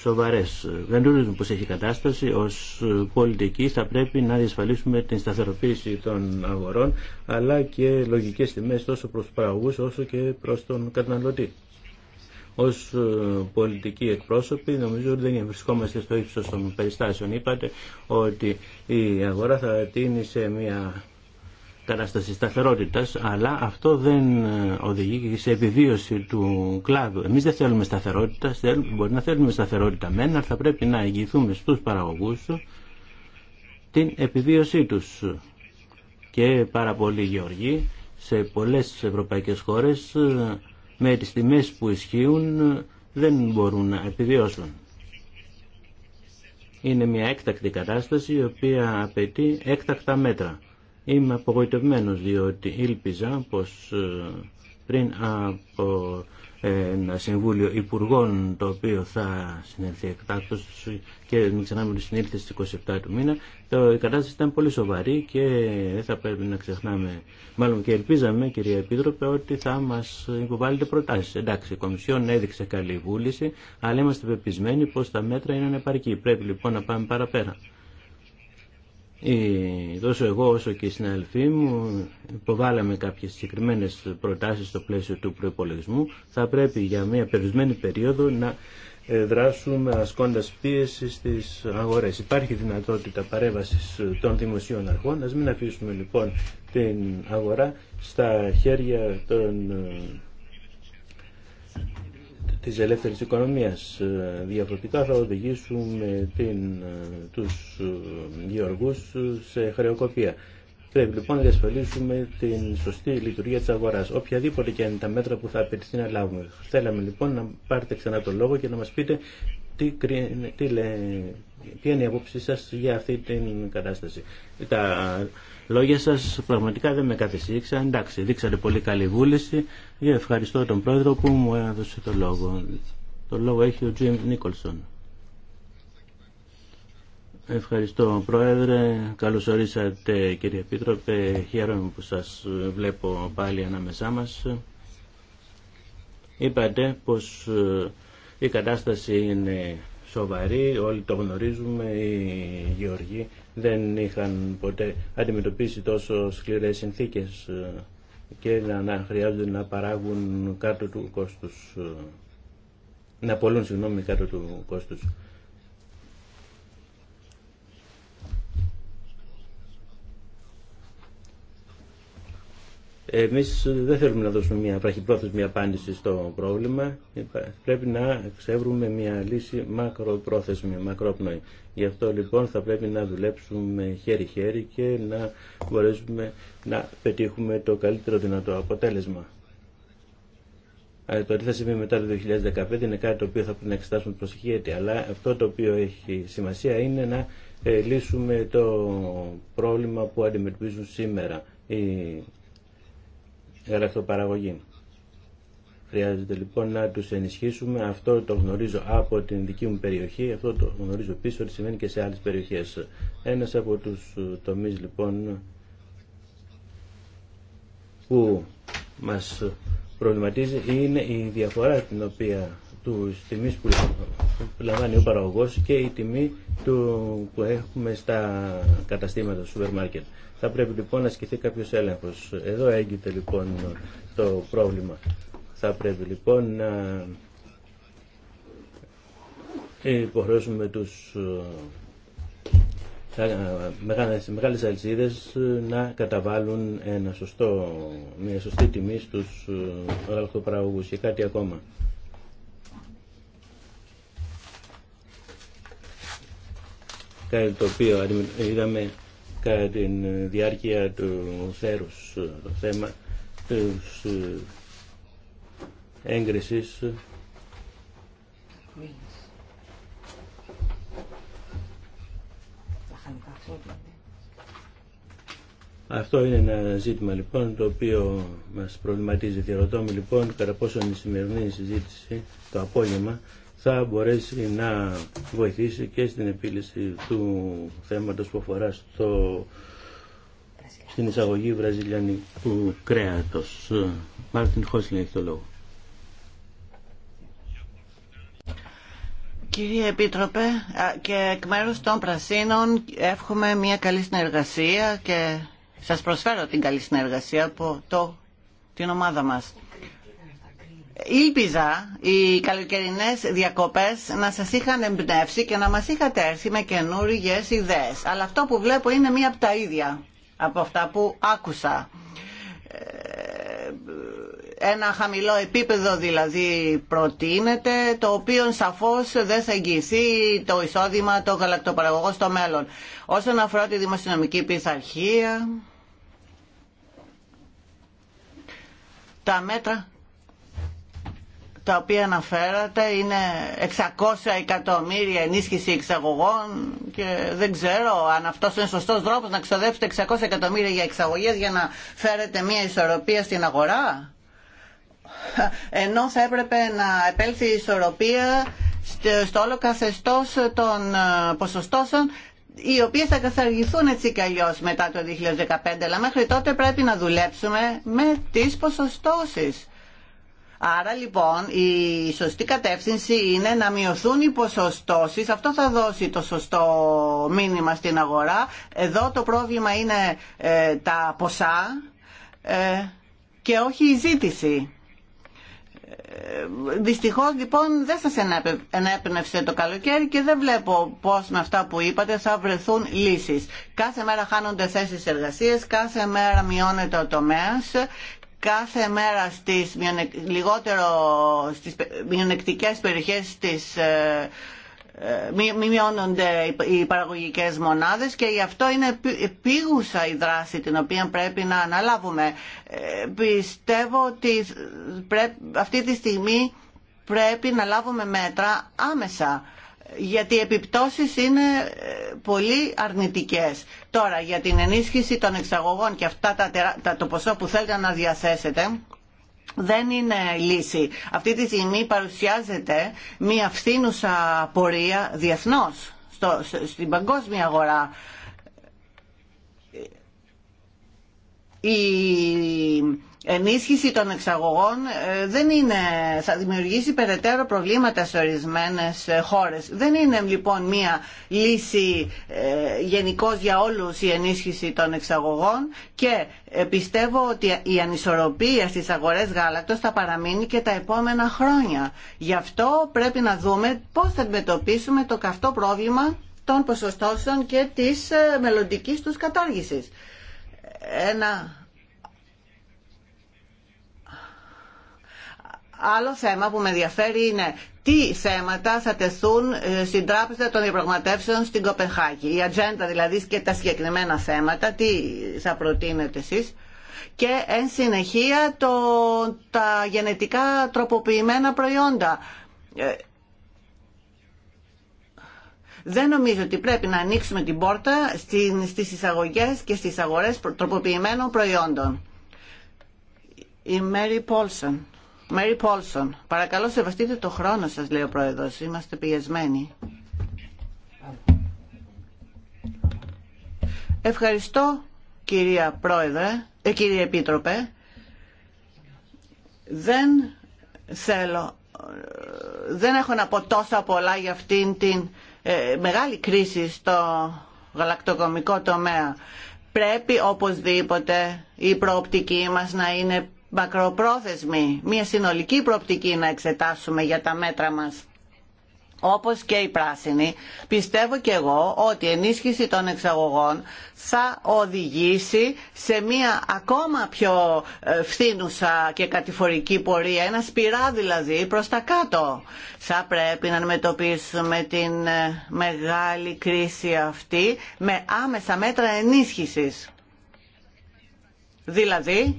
Σοβαρέ. Δεν γνωρίζουμε πώ έχει κατάσταση. Ως πολιτικοί θα πρέπει να διασφαλίσουμε την σταθεροποίηση των αγορών αλλά και λογικές τιμέ τόσο προς τους παραγωγούς όσο και προς τον καταναλωτή. Ως ε, πολιτικοί εκπρόσωποι νομίζω ότι δεν βρισκόμαστε στο ύψο των περιστάσεων. Είπατε ότι η αγορά θα τίνει σε μια κατάσταση σταθερότητα, αλλά αυτό δεν ε, οδηγεί και σε επιβίωση του κλάδου. Εμείς δεν θέλουμε σταθερότητα, μπορεί να θέλουμε σταθερότητα μένα, αλλά θα πρέπει να εγγυηθούμε στους παραγωγούς την επιβίωσή τους. Και πάρα πολλοί γεωργοί σε πολλές ευρωπαϊκές χώρες ε, με τις τιμές που ισχύουν δεν μπορούν να επιβιώσουν. Είναι μια έκτακτη κατάσταση η οποία απαιτεί έκτακτα μέτρα. Είμαι απογοητευμένος διότι ήλπιζα πως ε, πριν από ε, ένα συμβούλιο υπουργών το οποίο θα συνέλθει εκτάκτως και μην ξεχνάμε ότι συνήλθε στις 27 του μήνα το, η κατάσταση ήταν πολύ σοβαρή και δεν θα πρέπει να ξεχνάμε μάλλον και ελπίζαμε κυρία Επίτροπε ότι θα μας υποβάλλετε προτάσεις εντάξει η Κομισιόν έδειξε καλή βούληση αλλά είμαστε πεπισμένοι πως τα μέτρα είναι ανεπαρκή πρέπει λοιπόν να πάμε παραπέρα τόσο ε, εγώ όσο και οι συναδελφοί μου υποβάλαμε κάποιες συγκεκριμένε προτάσεις στο πλαίσιο του προϋπολογισμού θα πρέπει για μια περιορισμένη περίοδο να ε, δράσουμε ασκώντας πίεση στις αγορές. Υπάρχει δυνατότητα παρέμβασης των δημοσίων αρχών. Ας μην αφήσουμε λοιπόν την αγορά στα χέρια των ε, της ελεύθερης οικονομίας. Ε, διαφορετικά θα οδηγήσουμε την, ε, τους ε, γεωργούς σε χρεοκοπία. Πρέπει λοιπόν να διασφαλίσουμε την σωστή λειτουργία της αγοράς, οποιαδήποτε και αν είναι τα μέτρα που θα απαιτηθεί να λάβουμε. Θέλαμε λοιπόν να πάρετε ξανά το λόγο και να μας πείτε τι, τι ποια είναι η απόψη σας για αυτή την κατάσταση. Τα λόγια σας πραγματικά δεν με καθησύχησαν. Εντάξει, δείξατε πολύ καλή βούληση και ευχαριστώ τον πρόεδρο που μου έδωσε το λόγο. Το λόγο έχει ο Τζιμ Νίκολσον. Ευχαριστώ Πρόεδρε, καλώς ορίσατε κύριε Επίτροπε, χαίρομαι που σας βλέπω πάλι ανάμεσά μας. Είπατε πως ε, η κατάσταση είναι σοβαρή, όλοι το γνωρίζουμε, οι Γεωργοί δεν είχαν ποτέ αντιμετωπίσει τόσο σκληρές συνθήκες ε, και να χρειάζονται να παράγουν κάτω του κόστους, ε, να πολλούν συγγνώμη κάτω του κόστους. Εμεί δεν θέλουμε να δώσουμε μια βραχυπρόθεσμη απάντηση στο πρόβλημα. Πρέπει να εξεύρουμε μια λύση μακροπρόθεσμη, μακρόπνοη. Γι' αυτό λοιπόν θα πρέπει να δουλέψουμε χέρι-χέρι και να μπορέσουμε να πετύχουμε το καλύτερο δυνατό αποτέλεσμα. Ε, το τι θα συμβεί μετά το 2015 είναι κάτι το οποίο θα πρέπει να εξετάσουμε προσοχή, αλλά αυτό το οποίο έχει σημασία είναι να ε, λύσουμε το πρόβλημα που αντιμετωπίζουν σήμερα οι γαλακτοπαραγωγή. Χρειάζεται λοιπόν να τους ενισχύσουμε. Αυτό το γνωρίζω από την δική μου περιοχή, αυτό το γνωρίζω πίσω ότι σημαίνει και σε άλλες περιοχές. Ένας από τους ε, τομείς λοιπόν που μας προβληματίζει είναι η διαφορά την οποία του τιμή που λαμβάνει ο παραγωγό και η τιμή του που έχουμε στα καταστήματα του σούπερ μάρκετ. Θα πρέπει λοιπόν να ασκηθεί κάποιο έλεγχο. Εδώ έγκυται λοιπόν το πρόβλημα. Θα πρέπει λοιπόν να υποχρεώσουμε του ε, μεγάλε αλυσίδε να καταβάλουν ένα σωστό, μια σωστή τιμή στους ε, παραγωγούς και κάτι ακόμα. κάτι το οποίο είδαμε κατά τη διάρκεια του θέρους το θέμα της ε, έγκρισης Αυτό είναι ένα ζήτημα λοιπόν το οποίο μας προβληματίζει. Διερωτώ λοιπόν κατά πόσο η σημερινή συζήτηση το απόγευμα θα μπορέσει να βοηθήσει και στην επίλυση του θέματος που αφορά στο, στην εισαγωγή βραζιλιανικού κρέατος. Μάρτιν Χόσλιν έχει το λόγο. Κύριε Επίτροπε, και εκ μέρους των Πρασίνων εύχομαι μια καλή συνεργασία και σας προσφέρω την καλή συνεργασία από το, την ομάδα μας. Ήλπιζα οι καλοκαιρινέ διακοπές να σας είχαν εμπνεύσει και να μας είχατε έρθει με καινούργιε ιδέες. Αλλά αυτό που βλέπω είναι μία από τα ίδια από αυτά που άκουσα. Ε, ένα χαμηλό επίπεδο δηλαδή προτείνεται, το οποίο σαφώς δεν θα εγγυηθεί το εισόδημα, το γαλακτοπαραγωγό στο μέλλον. Όσον αφορά τη δημοσιονομική πειθαρχία, τα μέτρα τα οποία αναφέρατε είναι 600 εκατομμύρια ενίσχυση εξαγωγών και δεν ξέρω αν αυτό είναι σωστός τρόπο να ξοδεύετε 600 εκατομμύρια για εξαγωγές για να φέρετε μια ισορροπία στην αγορά ενώ θα έπρεπε να επέλθει η ισορροπία στο όλο καθεστώ των ε, ποσοστώσεων οι οποίες θα καθαργηθούν έτσι κι αλλιώς μετά το 2015 αλλά μέχρι τότε πρέπει να δουλέψουμε με τις ποσοστώσεις Άρα λοιπόν η σωστή κατεύθυνση είναι να μειωθούν οι ποσοστώσεις. Αυτό θα δώσει το σωστό μήνυμα στην αγορά. Εδώ το πρόβλημα είναι ε, τα ποσά ε, και όχι η ζήτηση. Ε, δυστυχώς λοιπόν δεν σας ενέπνευσε το καλοκαίρι και δεν βλέπω πώς με αυτά που είπατε θα βρεθούν λύσεις. Κάθε μέρα χάνονται θέσεις εργασίας, κάθε μέρα μειώνεται ο τομέας κάθε μέρα στις λιγότερο στις μειονεκτικές περιοχές της ε, ε, μη μειώνονται οι παραγωγικές μονάδες και γι' αυτό είναι επίγουσα η δράση την οποία πρέπει να αναλάβουμε. Ε, πιστεύω ότι πρέπει, αυτή τη στιγμή πρέπει να λάβουμε μέτρα άμεσα γιατί οι επιπτώσεις είναι ε, πολύ αρνητικές. Τώρα, για την ενίσχυση των εξαγωγών και αυτά τα, το ποσό που θέλετε να διαθέσετε, δεν είναι λύση. Αυτή τη στιγμή παρουσιάζεται μία φθήνουσα πορεία διεθνώς στο, στην παγκόσμια αγορά ενίσχυση των εξαγωγών ε, δεν είναι, θα δημιουργήσει περαιτέρω προβλήματα σε ορισμένες ε, χώρες. Δεν είναι λοιπόν μία λύση γενικός γενικώ για όλους η ενίσχυση των εξαγωγών και ε, πιστεύω ότι η ανισορροπία στις αγορές γάλακτος θα παραμείνει και τα επόμενα χρόνια. Γι' αυτό πρέπει να δούμε πώς θα αντιμετωπίσουμε το καυτό πρόβλημα των ποσοστώσεων και της μελλοντική τους κατάργησης. Ένα Άλλο θέμα που με ενδιαφέρει είναι τι θέματα θα τεθούν ε, στην Τράπεζα των Διαπραγματεύσεων στην Κοπεχάκη. Η ατζέντα δηλαδή και τα συγκεκριμένα θέματα, τι θα προτείνετε εσείς. Και εν συνεχεία το, τα γενετικά τροποποιημένα προϊόντα. Ε, δεν νομίζω ότι πρέπει να ανοίξουμε την πόρτα στις εισαγωγές και στις αγορές τροποποιημένων προϊόντων. Η Μέρι Πόλσον. Μέρι Πόλσον, παρακαλώ σεβαστείτε το χρόνο σας, λέει ο Πρόεδρος. Είμαστε πιεσμένοι. Ευχαριστώ, κυρία Πρόεδρε, ε, κύριε Επίτροπε. Δεν θέλω, δεν έχω να πω τόσα πολλά για αυτήν την ε, μεγάλη κρίση στο γαλακτοκομικό τομέα. Πρέπει οπωσδήποτε η προοπτική μας να είναι μακροπρόθεσμη, μια συνολική προοπτική να εξετάσουμε για τα μέτρα μας όπως και οι πράσινη πιστεύω και εγώ ότι η ενίσχυση των εξαγωγών θα οδηγήσει σε μια ακόμα πιο ε, φθήνουσα και κατηφορική πορεία, ένα σπυρά δηλαδή προς τα κάτω. Θα πρέπει να αντιμετωπίσουμε την ε, μεγάλη κρίση αυτή με άμεσα μέτρα ενίσχυσης. Δηλαδή,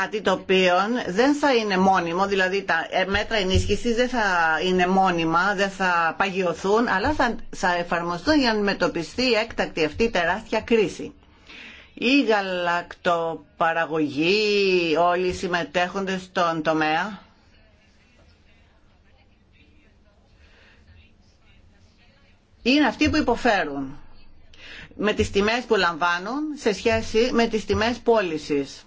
κάτι το οποίο δεν θα είναι μόνιμο, δηλαδή τα ε, μέτρα ενίσχυσης δεν θα είναι μόνιμα, δεν θα παγιωθούν, αλλά θα, θα εφαρμοστούν για να αντιμετωπιστεί η έκτακτη αυτή τεράστια κρίση. Η γαλακτοπαραγωγή, όλοι οι στον τομέα, είναι αυτοί που υποφέρουν με τις τιμές που λαμβάνουν σε σχέση με τις τιμές πώλησης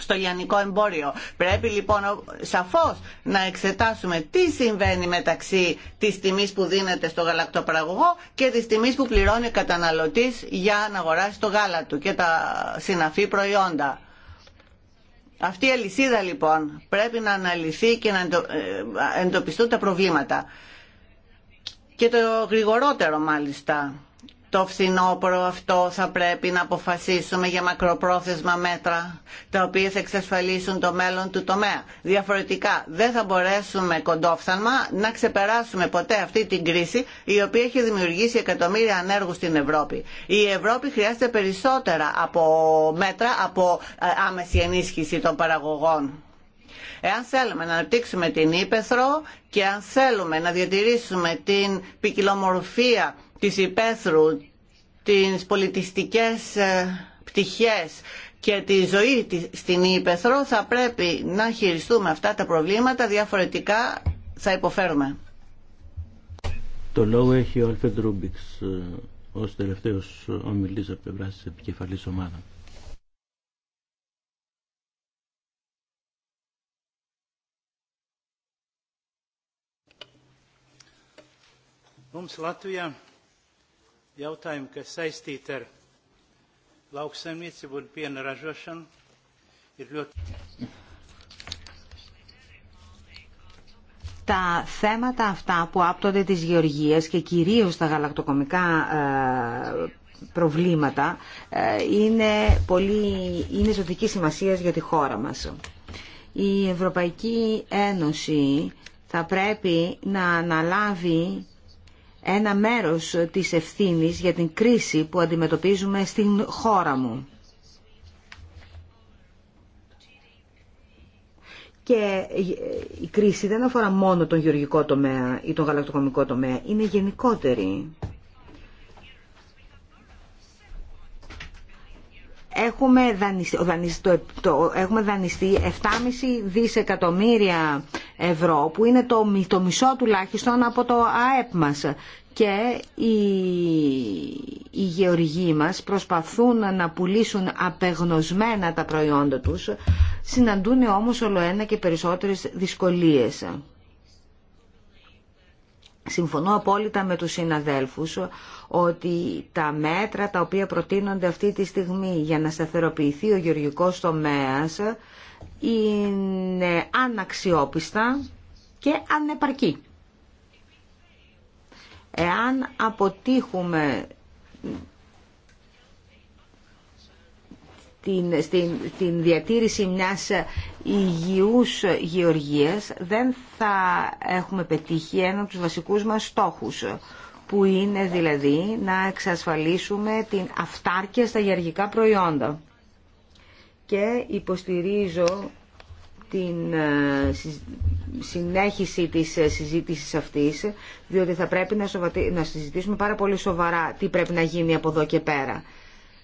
στο λιανικό εμπόριο. Πρέπει λοιπόν σαφώς να εξετάσουμε τι συμβαίνει μεταξύ της τιμής που δίνεται στο γαλακτοπαραγωγό και της τιμής που πληρώνει ο καταναλωτής για να αγοράσει το γάλα του και τα συναφή προϊόντα. Αυτή η αλυσίδα λοιπόν πρέπει να αναλυθεί και να ε, εντοπιστούν τα προβλήματα. Και το γρηγορότερο μάλιστα το φθινόπωρο αυτό θα πρέπει να αποφασίσουμε για μακροπρόθεσμα μέτρα τα οποία θα εξασφαλίσουν το μέλλον του τομέα. Διαφορετικά δεν θα μπορέσουμε κοντόφθαλμα να ξεπεράσουμε ποτέ αυτή την κρίση η οποία έχει δημιουργήσει εκατομμύρια ανέργους στην Ευρώπη. Η Ευρώπη χρειάζεται περισσότερα από μέτρα, από ε, άμεση ενίσχυση των παραγωγών. Εάν θέλουμε να αναπτύξουμε την Ήπεθρο και αν θέλουμε να διατηρήσουμε την ποικιλομορφία της υπαίθρου, τις πολιτιστικές ε, πτυχές και τη ζωή στην υπαίθρο θα πρέπει να χειριστούμε αυτά τα προβλήματα διαφορετικά θα υποφέρουμε. Το λόγο έχει ο Αλφέντ Ρούμπιξ ε, ως τελευταίος ομιλής από πλευρά της επικεφαλής ομάδα. Τα θέματα αυτά που άπτονται της γεωργίας και κυρίως τα γαλακτοκομικά ε, προβλήματα ε, είναι, πολύ, είναι ζωτική σημασία για τη χώρα μας. Η Ευρωπαϊκή Ένωση θα πρέπει να αναλάβει ένα μέρος της ευθύνης για την κρίση που αντιμετωπίζουμε στην χώρα μου. Και η κρίση δεν αφορά μόνο τον γεωργικό τομέα ή τον γαλακτοκομικό τομέα, είναι γενικότερη. έχουμε δανειστεί, το, έχουμε δανειστεί 7,5 δισεκατομμύρια ευρώ που είναι το, το μισό τουλάχιστον από το ΑΕΠ μας και οι, οι γεωργοί μας προσπαθούν να πουλήσουν απεγνωσμένα τα προϊόντα τους συναντούν όμως όλο ένα και περισσότερες δυσκολίες. Συμφωνώ απόλυτα με τους συναδέλφους ότι τα μέτρα τα οποία προτείνονται αυτή τη στιγμή για να σταθεροποιηθεί ο γεωργικός τομέας είναι αναξιόπιστα και ανεπαρκή. Εάν αποτύχουμε την διατήρηση μιας υγιούς γεωργίας δεν θα έχουμε πετύχει έναν από τους βασικούς μας στόχους που είναι δηλαδή να εξασφαλίσουμε την αυτάρκεια στα γεωργικά προϊόντα. Και υποστηρίζω την ε, συνέχιση της ε, συζήτησης αυτής, διότι θα πρέπει να συζητήσουμε πάρα πολύ σοβαρά τι πρέπει να γίνει από εδώ και πέρα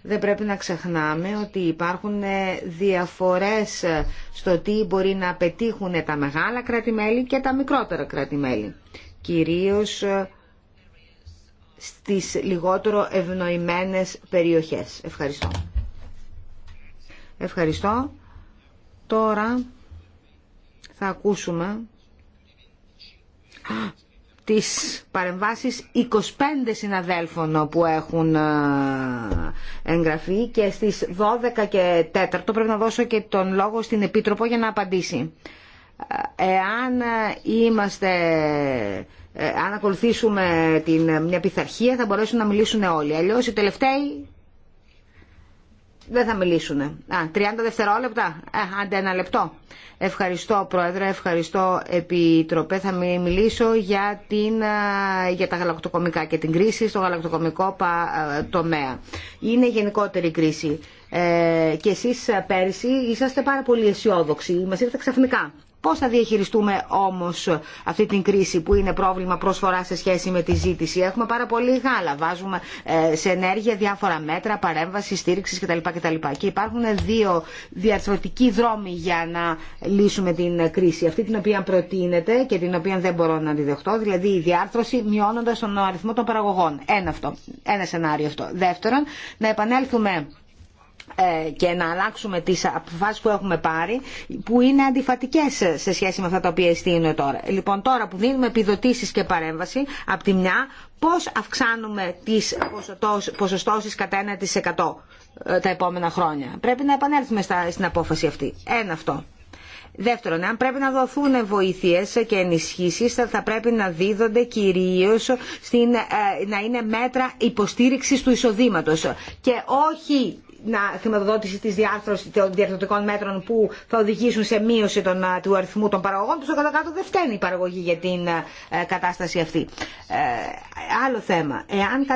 δεν πρέπει να ξεχνάμε ότι υπάρχουν ε, διαφορές ε, στο τι μπορεί να πετύχουν τα μεγάλα και τα μικρότερα κράτη-μέλη. Κυρίως ε, στις λιγότερο ευνοημένες περιοχές. Ευχαριστώ. Ευχαριστώ. Τώρα θα ακούσουμε τις παρεμβάσεις 25 συναδέλφων που έχουν ε, εγγραφεί και στις 12 και 4 πρέπει να δώσω και τον λόγο στην Επίτροπο για να απαντήσει. Ε, εάν ε, είμαστε... αν ακολουθήσουμε την, μια πειθαρχία θα μπορέσουν να μιλήσουν όλοι. Αλλιώς οι τελευταίοι δεν θα μιλήσουν. Α, 30 δευτερόλεπτα. Ε, άντε ένα λεπτό. Ευχαριστώ Πρόεδρε, ευχαριστώ Επιτροπέ. Θα μιλήσω για, την, για τα γαλακτοκομικά και την κρίση στο γαλακτοκομικό τομέα. Είναι γενικότερη κρίση. Ε, και εσείς πέρυσι είσαστε πάρα πολύ αισιόδοξοι. Μας ήρθατε ξαφνικά. Πώς θα διαχειριστούμε όμως αυτή την κρίση που είναι πρόβλημα προσφορά σε σχέση με τη ζήτηση. Έχουμε πάρα πολύ γάλα, βάζουμε ε, σε ενέργεια διάφορα μέτρα, παρέμβαση, στήριξη κτλ. κτλ. Και υπάρχουν δύο διαρθρωτικοί δρόμοι για να λύσουμε την κρίση. Αυτή την οποία προτείνεται και την οποία δεν μπορώ να αντιδεχτώ, δηλαδή η διάρθρωση μειώνοντα τον αριθμό των παραγωγών. Ένα αυτό, ένα σενάριο αυτό. Δεύτερον, να επανέλθουμε ε, και να αλλάξουμε τις αποφάσεις που έχουμε πάρει που είναι αντιφατικές σε σχέση με αυτά τα οποία εστίνουν τώρα. Λοιπόν τώρα που δίνουμε επιδοτήσεις και παρέμβαση από τη μια πώς αυξάνουμε τις ποσοστώσεις κατά 1% ε, τα επόμενα χρόνια. Πρέπει να επανέλθουμε στην απόφαση αυτή. Ένα αυτό. Δεύτερον, αν πρέπει να δοθούν βοήθειες και ενισχύσεις, θα πρέπει να δίδονται κυρίως στην, ε, να είναι μέτρα υποστήριξης του εισοδήματος και όχι να χρηματοδότηση τη διάρθρωση των διαρθρωτικών μέτρων που θα οδηγήσουν σε μείωση των, του αριθμού των παραγωγών του, κατά κάτω δεν φταίνει η παραγωγή για την ε, κατάσταση αυτή. Ε, άλλο θέμα. Εάν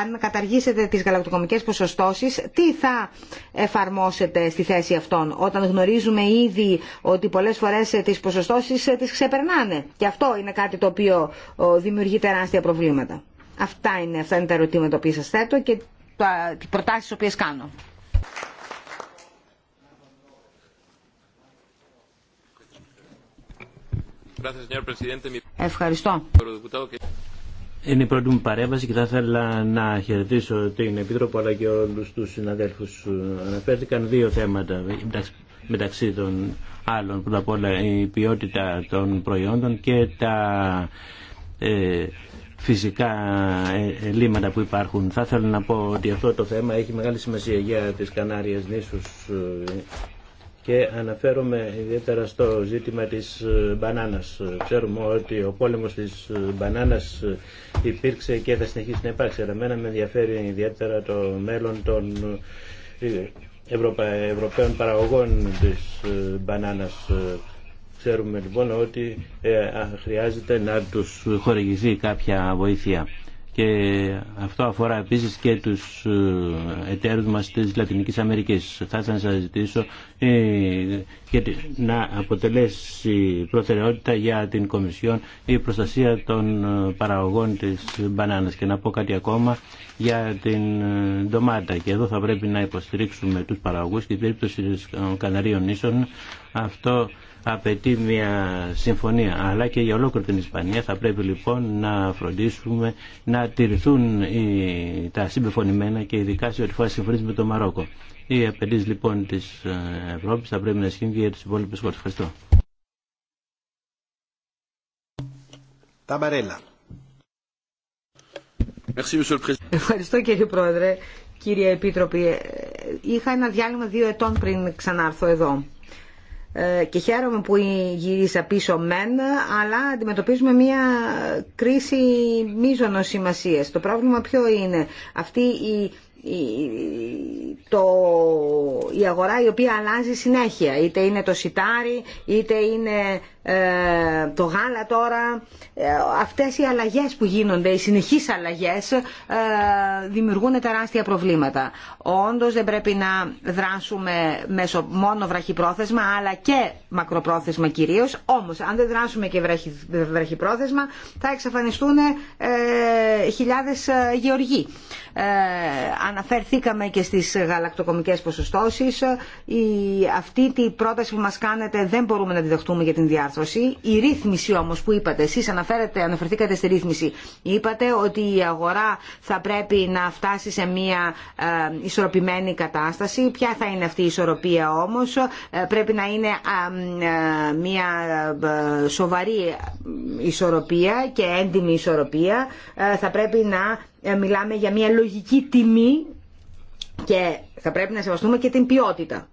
αν καταργήσετε τι γαλακτοκομικέ ποσοστώσεις, τι θα εφαρμόσετε στη θέση αυτών, όταν γνωρίζουμε ήδη ότι πολλέ φορέ ε, τι ποσοστώσεις ε, τις ξεπερνάνε. Και αυτό είναι κάτι το οποίο δημιουργεί τεράστια προβλήματα. Αυτά είναι, αυτά είναι τα ερωτήματα που σα θέτω και τα προτάσεις οποίες κάνω. Ευχαριστώ. Είναι η πρώτη μου παρέμβαση και θα ήθελα να χαιρετήσω την Επίτροπο αλλά και όλου τους συναδέλφους. Αναφέρθηκαν δύο θέματα μεταξύ των άλλων. Πρώτα απ' όλα η ποιότητα των προϊόντων και τα ε, φυσικά ελλείμματα ε, που υπάρχουν. Θα ήθελα να πω ότι αυτό το θέμα έχει μεγάλη σημασία για τις Κανάριες νήσους ε, και αναφέρομαι ιδιαίτερα στο ζήτημα της ε, μπανάνας. Ξέρουμε ότι ο πόλεμος της μπανάνας υπήρξε και θα συνεχίσει να υπάρξει. Εμένα μένα με ενδιαφέρει ιδιαίτερα το μέλλον των Ευρωπαίων παραγωγών της μπανάνας. Ξέρουμε λοιπόν ότι ε, χρειάζεται να τους χορηγηθεί κάποια βοήθεια. Και αυτό αφορά επίσης και τους ε, εταίρους μας της Λατινικής Αμερικής. Θα ήθελα να σας ζητήσω ε, να αποτελέσει προτεραιότητα για την Κομισιόν η προστασία των παραγωγών της μπανάνας. Και να πω κάτι ακόμα για την ντομάτα. Και εδώ θα πρέπει να υποστηρίξουμε τους παραγωγούς και την περίπτωση των Καναρίων Ίσων αυτό απαιτεί μια συμφωνία αλλά και για ολόκληρη την Ισπανία θα πρέπει λοιπόν να φροντίσουμε να τηρηθούν τα συμπεφωνημένα και ειδικά σε ό,τι φορά συμφωνείς με το Μαρόκο. Οι απαιτήσει λοιπόν της ε, Ευρώπης θα πρέπει να ισχύουν και για τις υπόλοιπες χώρες. Ευχαριστώ. Ευχαριστώ κύριε Πρόεδρε. Κύριε Επίτροπη, είχα ένα διάλειμμα δύο ετών πριν ξανάρθω εδώ. Ε, και χαίρομαι που γυρίσα πίσω μεν, αλλά αντιμετωπίζουμε μια κρίση μίζωνος σημασίας. Το πρόβλημα ποιο είναι. Αυτή η το, η αγορά η οποία αλλάζει συνέχεια. Είτε είναι το σιτάρι, είτε είναι ε, το γάλα τώρα, ε, αυτές οι αλλαγές που γίνονται, οι συνεχείς αλλαγές ε, δημιουργούν τεράστια προβλήματα. Όντως δεν πρέπει να δράσουμε μέσω μόνο βραχυπρόθεσμα αλλά και μακροπρόθεσμα κυρίως. Όμως αν δεν δράσουμε και βραχυπρόθεσμα θα εξαφανιστούν ε, χιλιάδες γεωργοί. αναφέρθηκαμε και στις γαλακτοκομικές ποσοστώσεις. Η, αυτή την πρόταση που μας κάνετε δεν μπορούμε να τη δεχτούμε για την διάρκεια η ρύθμιση όμως που είπατε, εσεί αναφερθήκατε στη ρύθμιση, είπατε ότι η αγορά θα πρέπει να φτάσει σε μια ε, ισορροπημένη κατάσταση. Ποια θα είναι αυτή η ισορροπία όμως, ε, πρέπει να είναι μια ε, ε, σοβαρή ισορροπία και έντιμη ισορροπία. θα πρέπει να μιλάμε για μια λογική τιμή και θα πρέπει να σεβαστούμε και την ποιότητα.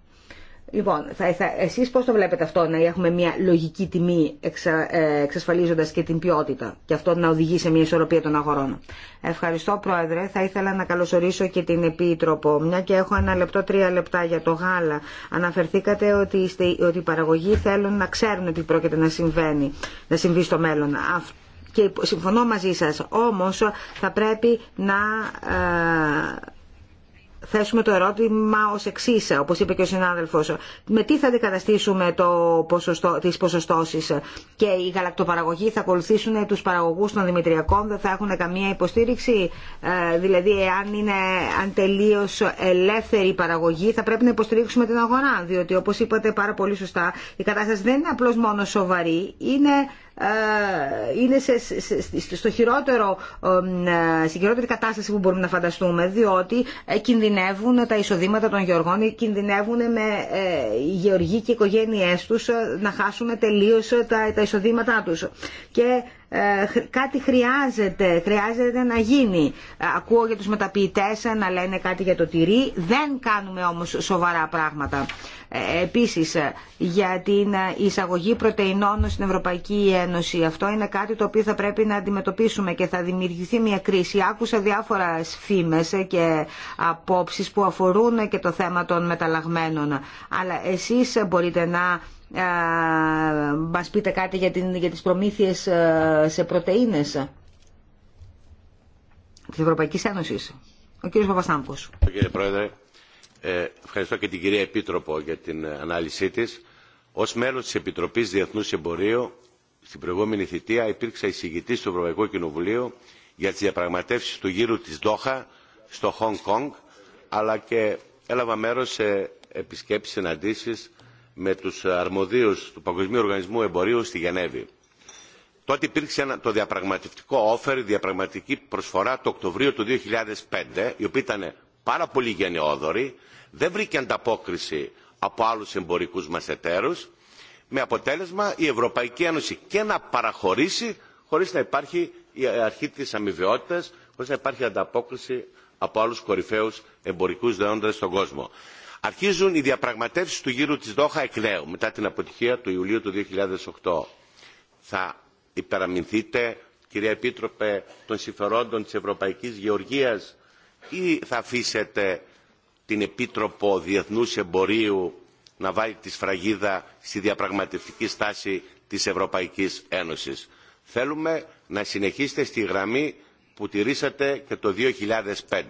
Λοιπόν, θα, θα, εσείς πώς το βλέπετε αυτό να έχουμε μια λογική τιμή εξα, ε, εξασφαλίζοντας και την ποιότητα και αυτό να οδηγεί σε μια ισορροπία των αγορών. Ευχαριστώ Πρόεδρε. Θα ήθελα να καλωσορίσω και την Επίτροπο. Μια και έχω ένα λεπτό, τρία λεπτά για το γάλα. Αναφερθήκατε ότι, είστε, ότι οι παραγωγοί θέλουν να ξέρουν τι πρόκειται να συμβαίνει, να συμβεί στο μέλλον. και συμφωνώ μαζί σας, όμως θα πρέπει να ε, θέσουμε το ερώτημα ως εξής, όπως είπε και ο συνάδελφος. Με τι θα αντικαταστήσουμε το ποσοστό, τις ποσοστώσεις και οι γαλακτοπαραγωγοί θα ακολουθήσουν τους παραγωγούς των Δημητριακών, δεν θα έχουν καμία υποστήριξη. Ε, δηλαδή, εάν είναι αν τελείως ελεύθερη η παραγωγή, θα πρέπει να υποστηρίξουμε την αγορά. Διότι, όπως είπατε πάρα πολύ σωστά, η κατάσταση δεν είναι απλώς μόνο σοβαρή, είναι ε, είναι στο χειρότερο, ε, στην χειρότερη κατάσταση που μπορούμε να φανταστούμε, διότι ε, κινδυνεύουν τα εισοδήματα των γεωργών, κινδυνεύουν με οι γεωργοί και οι οικογένειές τους να χάσουν τελείως τα εισοδήματά τους. Και ε, κάτι χρειάζεται, χρειάζεται να γίνει. Ε, ακούω για τους μεταποιητές να λένε κάτι για το τυρί, δεν κάνουμε όμως σοβαρά πράγματα. Ε, επίσης, για την εισαγωγή πρωτεϊνών στην Ευρωπαϊκή Ένωση. Αυτό είναι κάτι το οποίο θα πρέπει να αντιμετωπίσουμε και θα δημιουργηθεί μια κρίση. Άκουσα διάφορα φήμες και απόψεις που αφορούν και το θέμα των μεταλλαγμένων. Αλλά εσείς μπορείτε να Μα πείτε κάτι για, την, για τις προμήθειες σε πρωτεΐνες της Ευρωπαϊκής Ένωσης. Ο κύριος Παπαστάμπος Κύριε Πρόεδρε, ε, ευχαριστώ και την κυρία Επίτροπο για την ανάλυση της. Ως μέλος της Επιτροπής Διεθνούς Εμπορίου, στην προηγούμενη θητεία υπήρξα εισηγητής του Ευρωπαϊκού Κοινοβουλίου για τις διαπραγματεύσεις του γύρου της Δόχα στο Χονγκ Κονγκ, αλλά και έλαβα μέρος σε επισκέψεις, συναντήσεις με τους αρμοδίους του Παγκοσμίου Οργανισμού Εμπορίου στη Γενέβη. Τότε υπήρξε το διαπραγματευτικό offer, η διαπραγματική προσφορά το Οκτωβρίο του 2005, η οποία ήταν πάρα πολύ γενναιόδορη, δεν βρήκε ανταπόκριση από άλλους εμπορικούς μας εταίρους, με αποτέλεσμα η Ευρωπαϊκή Ένωση και να παραχωρήσει χωρίς να υπάρχει η αρχή της αμοιβαιότητας, χωρίς να υπάρχει ανταπόκριση από άλλους κορυφαίους εμπορικούς δεόντες στον κόσμο. Αρχίζουν οι διαπραγματεύσεις του γύρου της Δόχα εκ νέου, μετά την αποτυχία του Ιουλίου του 2008. Θα υπεραμεινθείτε, κυρία Επίτροπε, των συμφερόντων της Ευρωπαϊκής Γεωργίας ή θα αφήσετε την Επίτροπο Διεθνούς Εμπορίου να βάλει τη σφραγίδα στη διαπραγματευτική στάση της Ευρωπαϊκής Ένωσης. Θέλουμε να συνεχίσετε στη γραμμή που τηρήσατε και το 2005.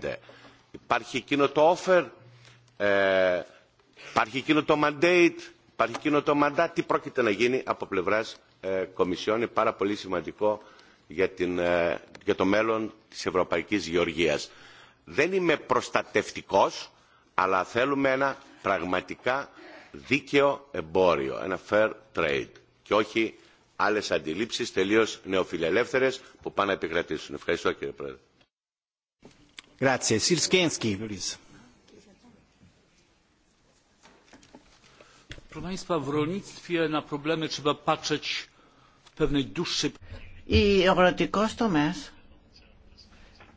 Υπάρχει εκείνο το offer ε, υπάρχει εκείνο το mandate, υπάρχει εκείνο το mandat, τι πρόκειται να γίνει από πλευράς ε, Κομισιόν, είναι πάρα πολύ σημαντικό για, την, ε, για το μέλλον της Ευρωπαϊκής Γεωργίας. Δεν είμαι προστατευτικός, αλλά θέλουμε ένα πραγματικά δίκαιο εμπόριο, ένα fair trade και όχι άλλες αντιλήψεις τελείως νεοφιλελεύθερες που πάνε να επικρατήσουν. Ευχαριστώ κύριε Πρόεδρε. Η Państwa, w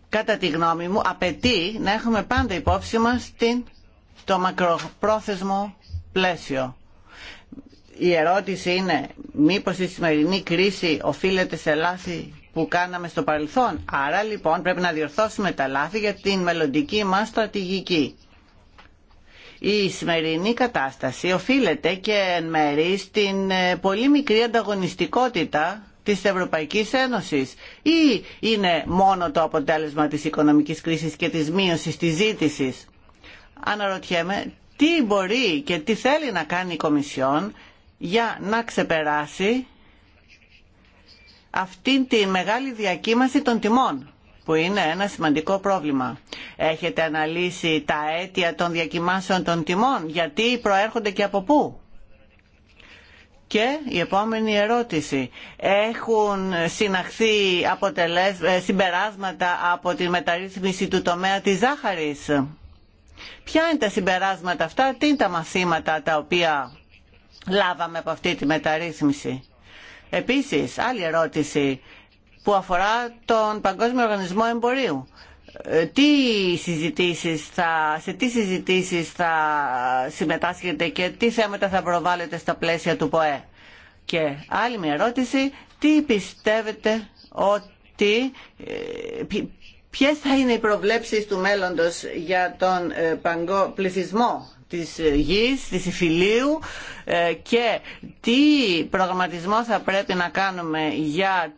κατά τη γνώμη μου, απαιτεί να έχουμε πάντα υπόψη μα το μακροπρόθεσμο πλαίσιο. Η ερώτηση είναι μήπως η σημερινή κρίση οφείλεται σε λάθη που κάναμε στο παρελθόν. Άρα λοιπόν πρέπει να διορθώσουμε τα λάθη για την μελλοντική μα στρατηγική. Η σημερινή κατάσταση οφείλεται και εν μέρη στην ε, πολύ μικρή ανταγωνιστικότητα της Ευρωπαϊκής Ένωσης ή είναι μόνο το αποτέλεσμα της οικονομικής κρίσης και της μείωσης της ζήτησης. Αναρωτιέμαι τι μπορεί και τι θέλει να κάνει η Κομισιόν για να ξεπεράσει αυτή τη μεγάλη διακύμαση των τιμών που είναι ένα σημαντικό πρόβλημα. Έχετε αναλύσει τα αίτια των διακοιμάσεων των τιμών, γιατί προέρχονται και από πού. Και η επόμενη ερώτηση. Έχουν συναχθεί ε, συμπεράσματα από τη μεταρρύθμιση του τομέα της ζάχαρης. Ποια είναι τα συμπεράσματα αυτά, τι είναι τα μαθήματα τα οποία λάβαμε από αυτή τη μεταρρύθμιση. Επίσης, άλλη ερώτηση που αφορά τον Παγκόσμιο Οργανισμό Εμπορίου. Ε, τι συζητήσεις θα, σε τι συζητήσεις θα συμμετάσχετε και τι θέματα θα προβάλλετε στα πλαίσια του ΠΟΕ. Και άλλη μια ερώτηση, τι πιστεύετε ότι, ε, ποιες θα είναι οι προβλέψεις του μέλλοντος για τον ε, πληθυσμό της γης, της υφηλίου και τι προγραμματισμό θα πρέπει να κάνουμε για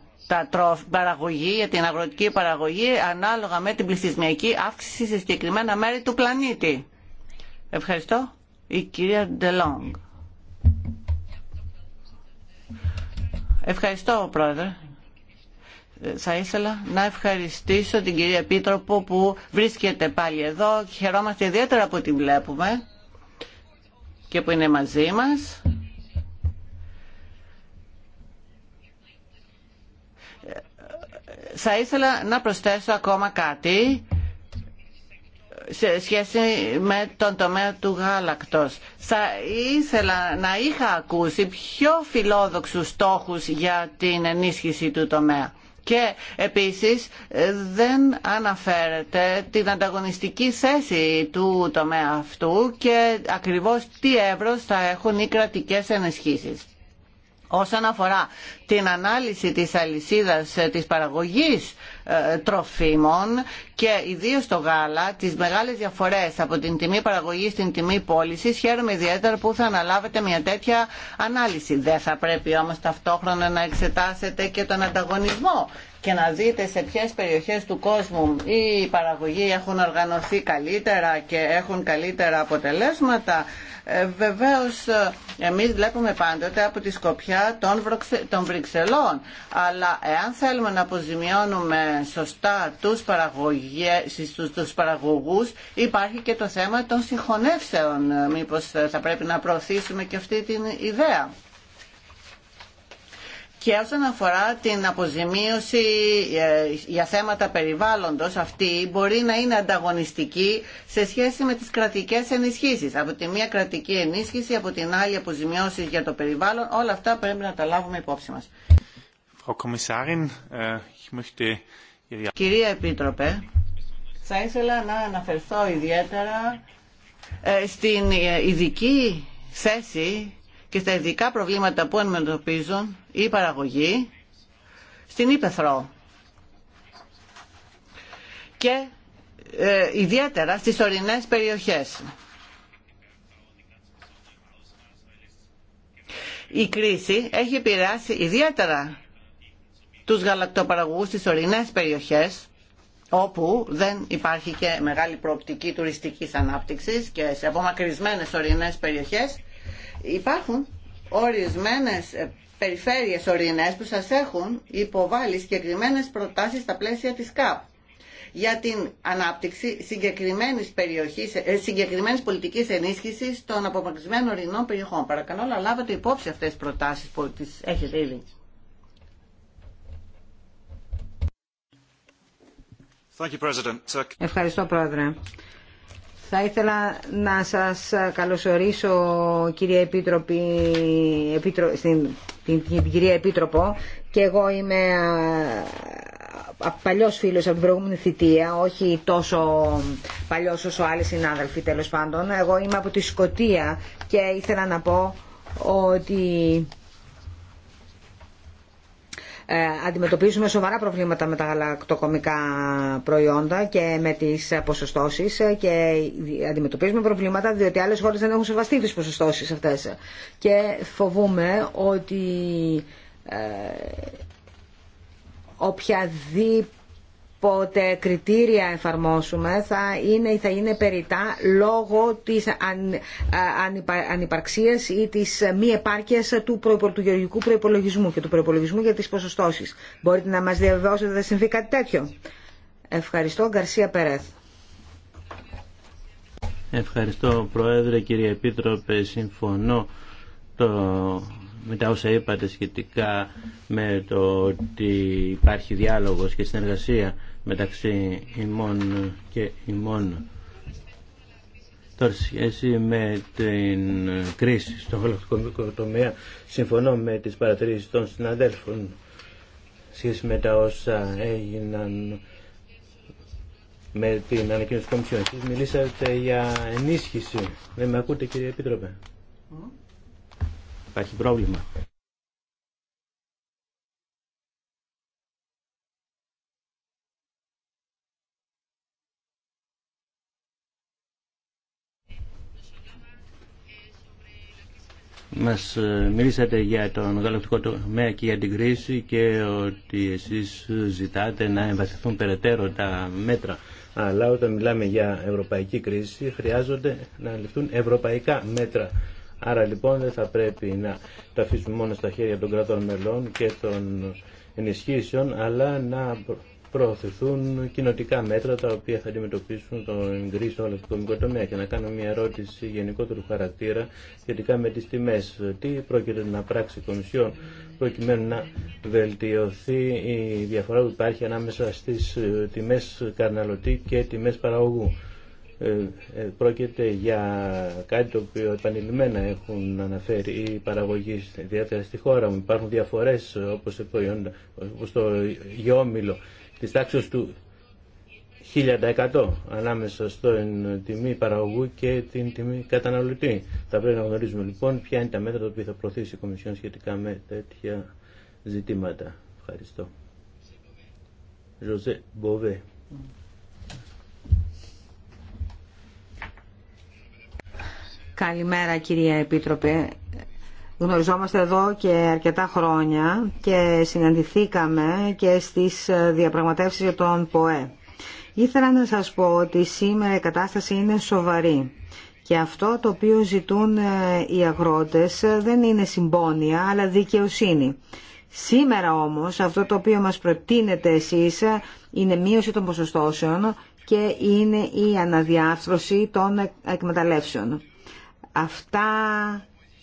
παραγωγή, για την αγροτική παραγωγή ανάλογα με την πληθυσμιακή αύξηση σε συγκεκριμένα μέρη του πλανήτη. Ευχαριστώ. Η κυρία Ντελόγκ. Ευχαριστώ, Πρόεδρε. Θα ήθελα να ευχαριστήσω την κυρία Πίτροπο που βρίσκεται πάλι εδώ. Χαιρόμαστε ιδιαίτερα που τη βλέπουμε και που είναι μαζί μας θα ήθελα να προσθέσω ακόμα κάτι σε σχέση με τον τομέα του γάλακτος. Θα ήθελα να είχα ακούσει πιο φιλόδοξους στόχους για την ενίσχυση του τομέα. Και επίσης ε, δεν αναφέρεται την ανταγωνιστική θέση του τομέα αυτού και ακριβώς τι εύρος θα έχουν οι κρατικές ενισχύσεις όσον αφορά την ανάλυση της αλυσίδας ε, της παραγωγής ε, τροφίμων και ιδίω το γάλα, τι μεγάλε διαφορέ από την τιμή παραγωγή στην τιμή πώληση, χαίρομαι ιδιαίτερα που θα αναλάβετε μια τέτοια ανάλυση. Δεν θα πρέπει όμω ταυτόχρονα να εξετάσετε και τον ανταγωνισμό και να δείτε σε ποιες περιοχές του κόσμου οι παραγωγοί έχουν οργανωθεί καλύτερα και έχουν καλύτερα αποτελέσματα. Ε, βεβαίως εμείς βλέπουμε πάντοτε από τη σκοπιά των, Βρυξελών. Αλλά εάν θέλουμε να αποζημιώνουμε σωστά τους, τους παραγωγούς υπάρχει και το θέμα των συγχωνεύσεων. Μήπως θα πρέπει να προωθήσουμε και αυτή την ιδέα. Και όσον αφορά την αποζημίωση ε, για θέματα περιβάλλοντος, αυτή μπορεί να είναι ανταγωνιστική σε σχέση με τις κρατικές ενισχύσεις. Από τη μία κρατική ενίσχυση, από την άλλη αποζημιώσεις για το περιβάλλον, όλα αυτά πρέπει να τα λάβουμε υπόψη μας. Äh, Κυρία Επίτροπε, θα ήθελα να αναφερθώ ιδιαίτερα ε, στην ε, ειδική θέση και στα ειδικά προβλήματα που αντιμετωπίζουν η παραγωγή στην Ήπεθρο και ε, ιδιαίτερα στις ορεινές περιοχές. Η κρίση έχει επηρεάσει ιδιαίτερα του γαλακτοπαραγωγού στι ορεινέ περιοχέ, όπου δεν υπάρχει και μεγάλη προοπτική τουριστική ανάπτυξη και σε απομακρυσμένε ορεινέ περιοχέ, υπάρχουν ορισμένε περιφέρειε ορεινέ που σα έχουν υποβάλει συγκεκριμένε προτάσει στα πλαίσια τη ΚΑΠ για την ανάπτυξη συγκεκριμένης, περιοχής, ε, συγκεκριμένης πολιτικής ενίσχυσης των απομακρυσμένων ορεινών περιοχών. Παρακαλώ, λάβετε υπόψη αυτές τις προτάσεις που τις έχετε ήδη. Ευχαριστώ Πρόεδρε. Θα ήθελα να σας καλωσορίσω κυρία την, κυρία Επίτροπο και εγώ είμαι παλιός φίλος από την προηγούμενη θητεία, όχι τόσο παλιός όσο άλλοι συνάδελφοι τέλος πάντων. Εγώ είμαι από τη Σκωτία και ήθελα να πω ότι ε, αντιμετωπίζουμε σοβαρά προβλήματα με τα γαλακτοκομικά προϊόντα και με τις ποσοστώσεις ε, και αντιμετωπίζουμε προβλήματα διότι άλλες χώρε δεν έχουν σεβαστεί τι ποσοστώσεις αυτές και φοβούμε ότι ε, οποιαδήποτε Οπότε κριτήρια εφαρμόσουμε θα είναι, θα είναι περιτά λόγω της αν, ανυπαρξίας ή της μη επάρκειας του, του γεωργικού προϋπολογισμού και του προϋπολογισμού για τις ποσοστώσεις. Μπορείτε να μας διαβεβαιώσετε ότι θα συμβεί κάτι τέτοιο. Ευχαριστώ. Γκαρσία Περέθ. Ευχαριστώ Πρόεδρε, κύριε Επίτροπε, συμφωνώ το... με τα όσα είπατε σχετικά με το ότι υπάρχει διάλογος και συνεργασία μεταξύ ημών και ημών. Τώρα σχέση με την κρίση στον ολοκληρωτικό τομέα συμφωνώ με τις παρατηρήσεις των συναδέλφων σχέση με τα όσα έγιναν με την ανακοίνωση των Κομισιόν. Εσείς μιλήσατε για ενίσχυση. Δεν με ακούτε κύριε Επίτροπε. Υπάρχει πρόβλημα. μας ε, μιλήσατε για τον γαλακτικό τομέα και για την κρίση και ότι εσείς ζητάτε να εμβαθυνθούν περαιτέρω τα μέτρα. Αλλά όταν μιλάμε για ευρωπαϊκή κρίση χρειάζονται να ληφθούν ευρωπαϊκά μέτρα. Άρα λοιπόν δεν θα πρέπει να τα αφήσουμε μόνο στα χέρια των κρατών μελών και των ενισχύσεων, αλλά να προωθηθούν κοινοτικά μέτρα τα οποία θα αντιμετωπίσουν τον στο οικονομικό τομέα. Και να κάνω μια ερώτηση γενικότερου χαρακτήρα σχετικά με τις τιμές. Τι πρόκειται να πράξει η Κομισιόν προκειμένου να βελτιωθεί η διαφορά που υπάρχει ανάμεσα στις ε, τιμές καρναλωτή και τιμές παραγωγού. Ε, ε, πρόκειται για κάτι το οποίο επανειλημμένα έχουν αναφέρει οι παραγωγοί ιδιαίτερα στη χώρα μου. Υπάρχουν διαφορές όπως το γιόμιλο Τη τάξη του 1100 ανάμεσα στην τιμή παραγωγού και την τιμή καταναλωτή. Θα πρέπει να γνωρίζουμε λοιπόν ποια είναι τα μέτρα τα οποία θα προωθήσει η Κομισιόν σχετικά με τέτοια ζητήματα. Ευχαριστώ. Ζωζέ Μποβέ. Καλημέρα κυρία Επίτροπε. Γνωριζόμαστε εδώ και αρκετά χρόνια και συναντηθήκαμε και στις διαπραγματεύσεις για τον ΠΟΕ. Ήθελα να σας πω ότι σήμερα η κατάσταση είναι σοβαρή και αυτό το οποίο ζητούν ε, οι αγρότες ε, δεν είναι συμπόνια αλλά δικαιοσύνη. Σήμερα όμως αυτό το οποίο μας προτείνετε εσείς ε, είναι μείωση των ποσοστώσεων και είναι η αναδιάρθρωση των εκμεταλλεύσεων. Αυτά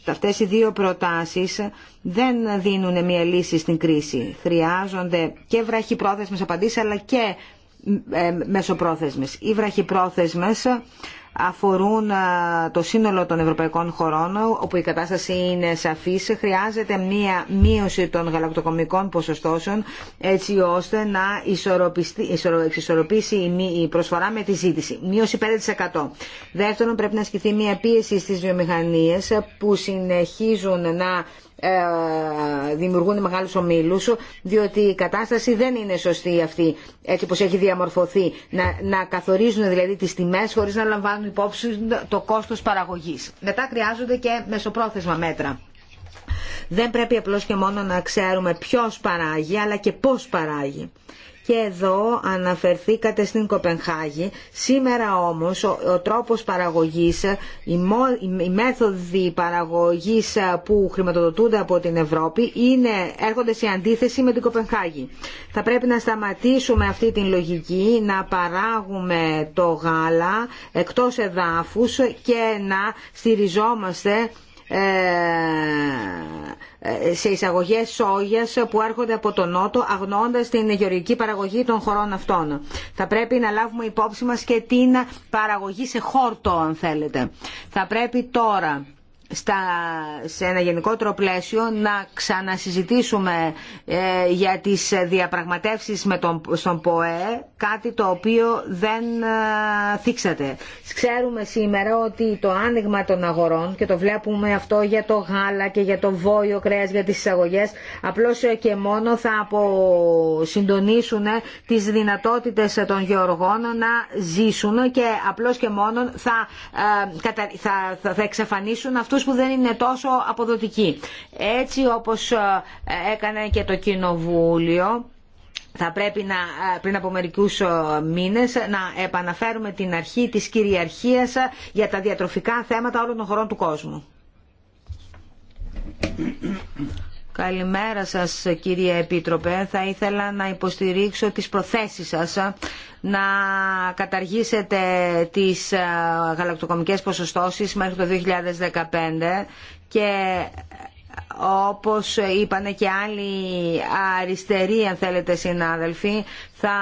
Αυτές οι δύο προτάσεις δεν δίνουν μια λύση στην κρίση. Χρειάζονται και βραχυπρόθεσμες απαντήσεις αλλά και ε, μεσοπρόθεσμες. Οι βραχυπρόθεσμες αφορούν το σύνολο των ευρωπαϊκών χωρών όπου η κατάσταση είναι σαφής χρειάζεται μία μείωση των γαλακτοκομικών ποσοστώσεων έτσι ώστε να εξισορροπήσει η προσφορά με τη ζήτηση. Μείωση 5%. Δεύτερον πρέπει να ασκηθεί μία πίεση στις βιομηχανίες που συνεχίζουν να ε, δημιουργούν μεγάλους ομίλους διότι η κατάσταση δεν είναι σωστή αυτή έτσι όπως έχει διαμορφωθεί να, να καθορίζουν δηλαδή τις τιμές χωρίς να λαμβάνουν υπόψη το κόστος παραγωγής. Μετά χρειάζονται και μεσοπρόθεσμα μέτρα. Δεν πρέπει απλώς και μόνο να ξέρουμε ποιος παράγει αλλά και πώς παράγει και εδώ αναφερθήκατε στην Κοπενχάγη. Σήμερα όμως ο, τρόπος παραγωγής, η μο, μέθοδοι παραγωγής που χρηματοδοτούνται από την Ευρώπη είναι, έρχονται σε αντίθεση με την Κοπενχάγη. Θα πρέπει να σταματήσουμε αυτή την λογική, να παράγουμε το γάλα εκτός εδάφους και να στηριζόμαστε ε, σε εισαγωγές σόγιας που έρχονται από τον Νότο αγνώντας την γεωργική παραγωγή των χωρών αυτών. Θα πρέπει να λάβουμε υπόψη μας και την παραγωγή σε χόρτο αν θέλετε. Θα πρέπει τώρα στα, σε ένα γενικότερο πλαίσιο να ξανασυζητήσουμε ε, για τις διαπραγματεύσεις με τον, στον ΠΟΕ κάτι το οποίο δεν ε, θίξατε. Ξέρουμε σήμερα ότι το άνοιγμα των αγορών και το βλέπουμε αυτό για το γάλα και για το βόλιο κρέας για τις εισαγωγές απλώς ε, και μόνο θα αποσυντονίσουν τις δυνατότητες των γεωργών να ζήσουν και απλώς και μόνο θα, θα, θα, θα εξαφανίσουν που δεν είναι τόσο αποδοτική. Έτσι όπως ε, έκανε και το Κοινοβούλιο, θα πρέπει να, ε, πριν από μερικούς ε, μήνες να επαναφέρουμε την αρχή της κυριαρχίας για τα διατροφικά θέματα όλων των χωρών του κόσμου. Καλημέρα σας κύριε Επίτροπε. Θα ήθελα να υποστηρίξω τις προθέσεις σας να καταργήσετε τις γαλακτοκομικές ποσοστώσεις μέχρι το 2015 και όπως είπαν και άλλοι αριστεροί αν θέλετε συνάδελφοι θα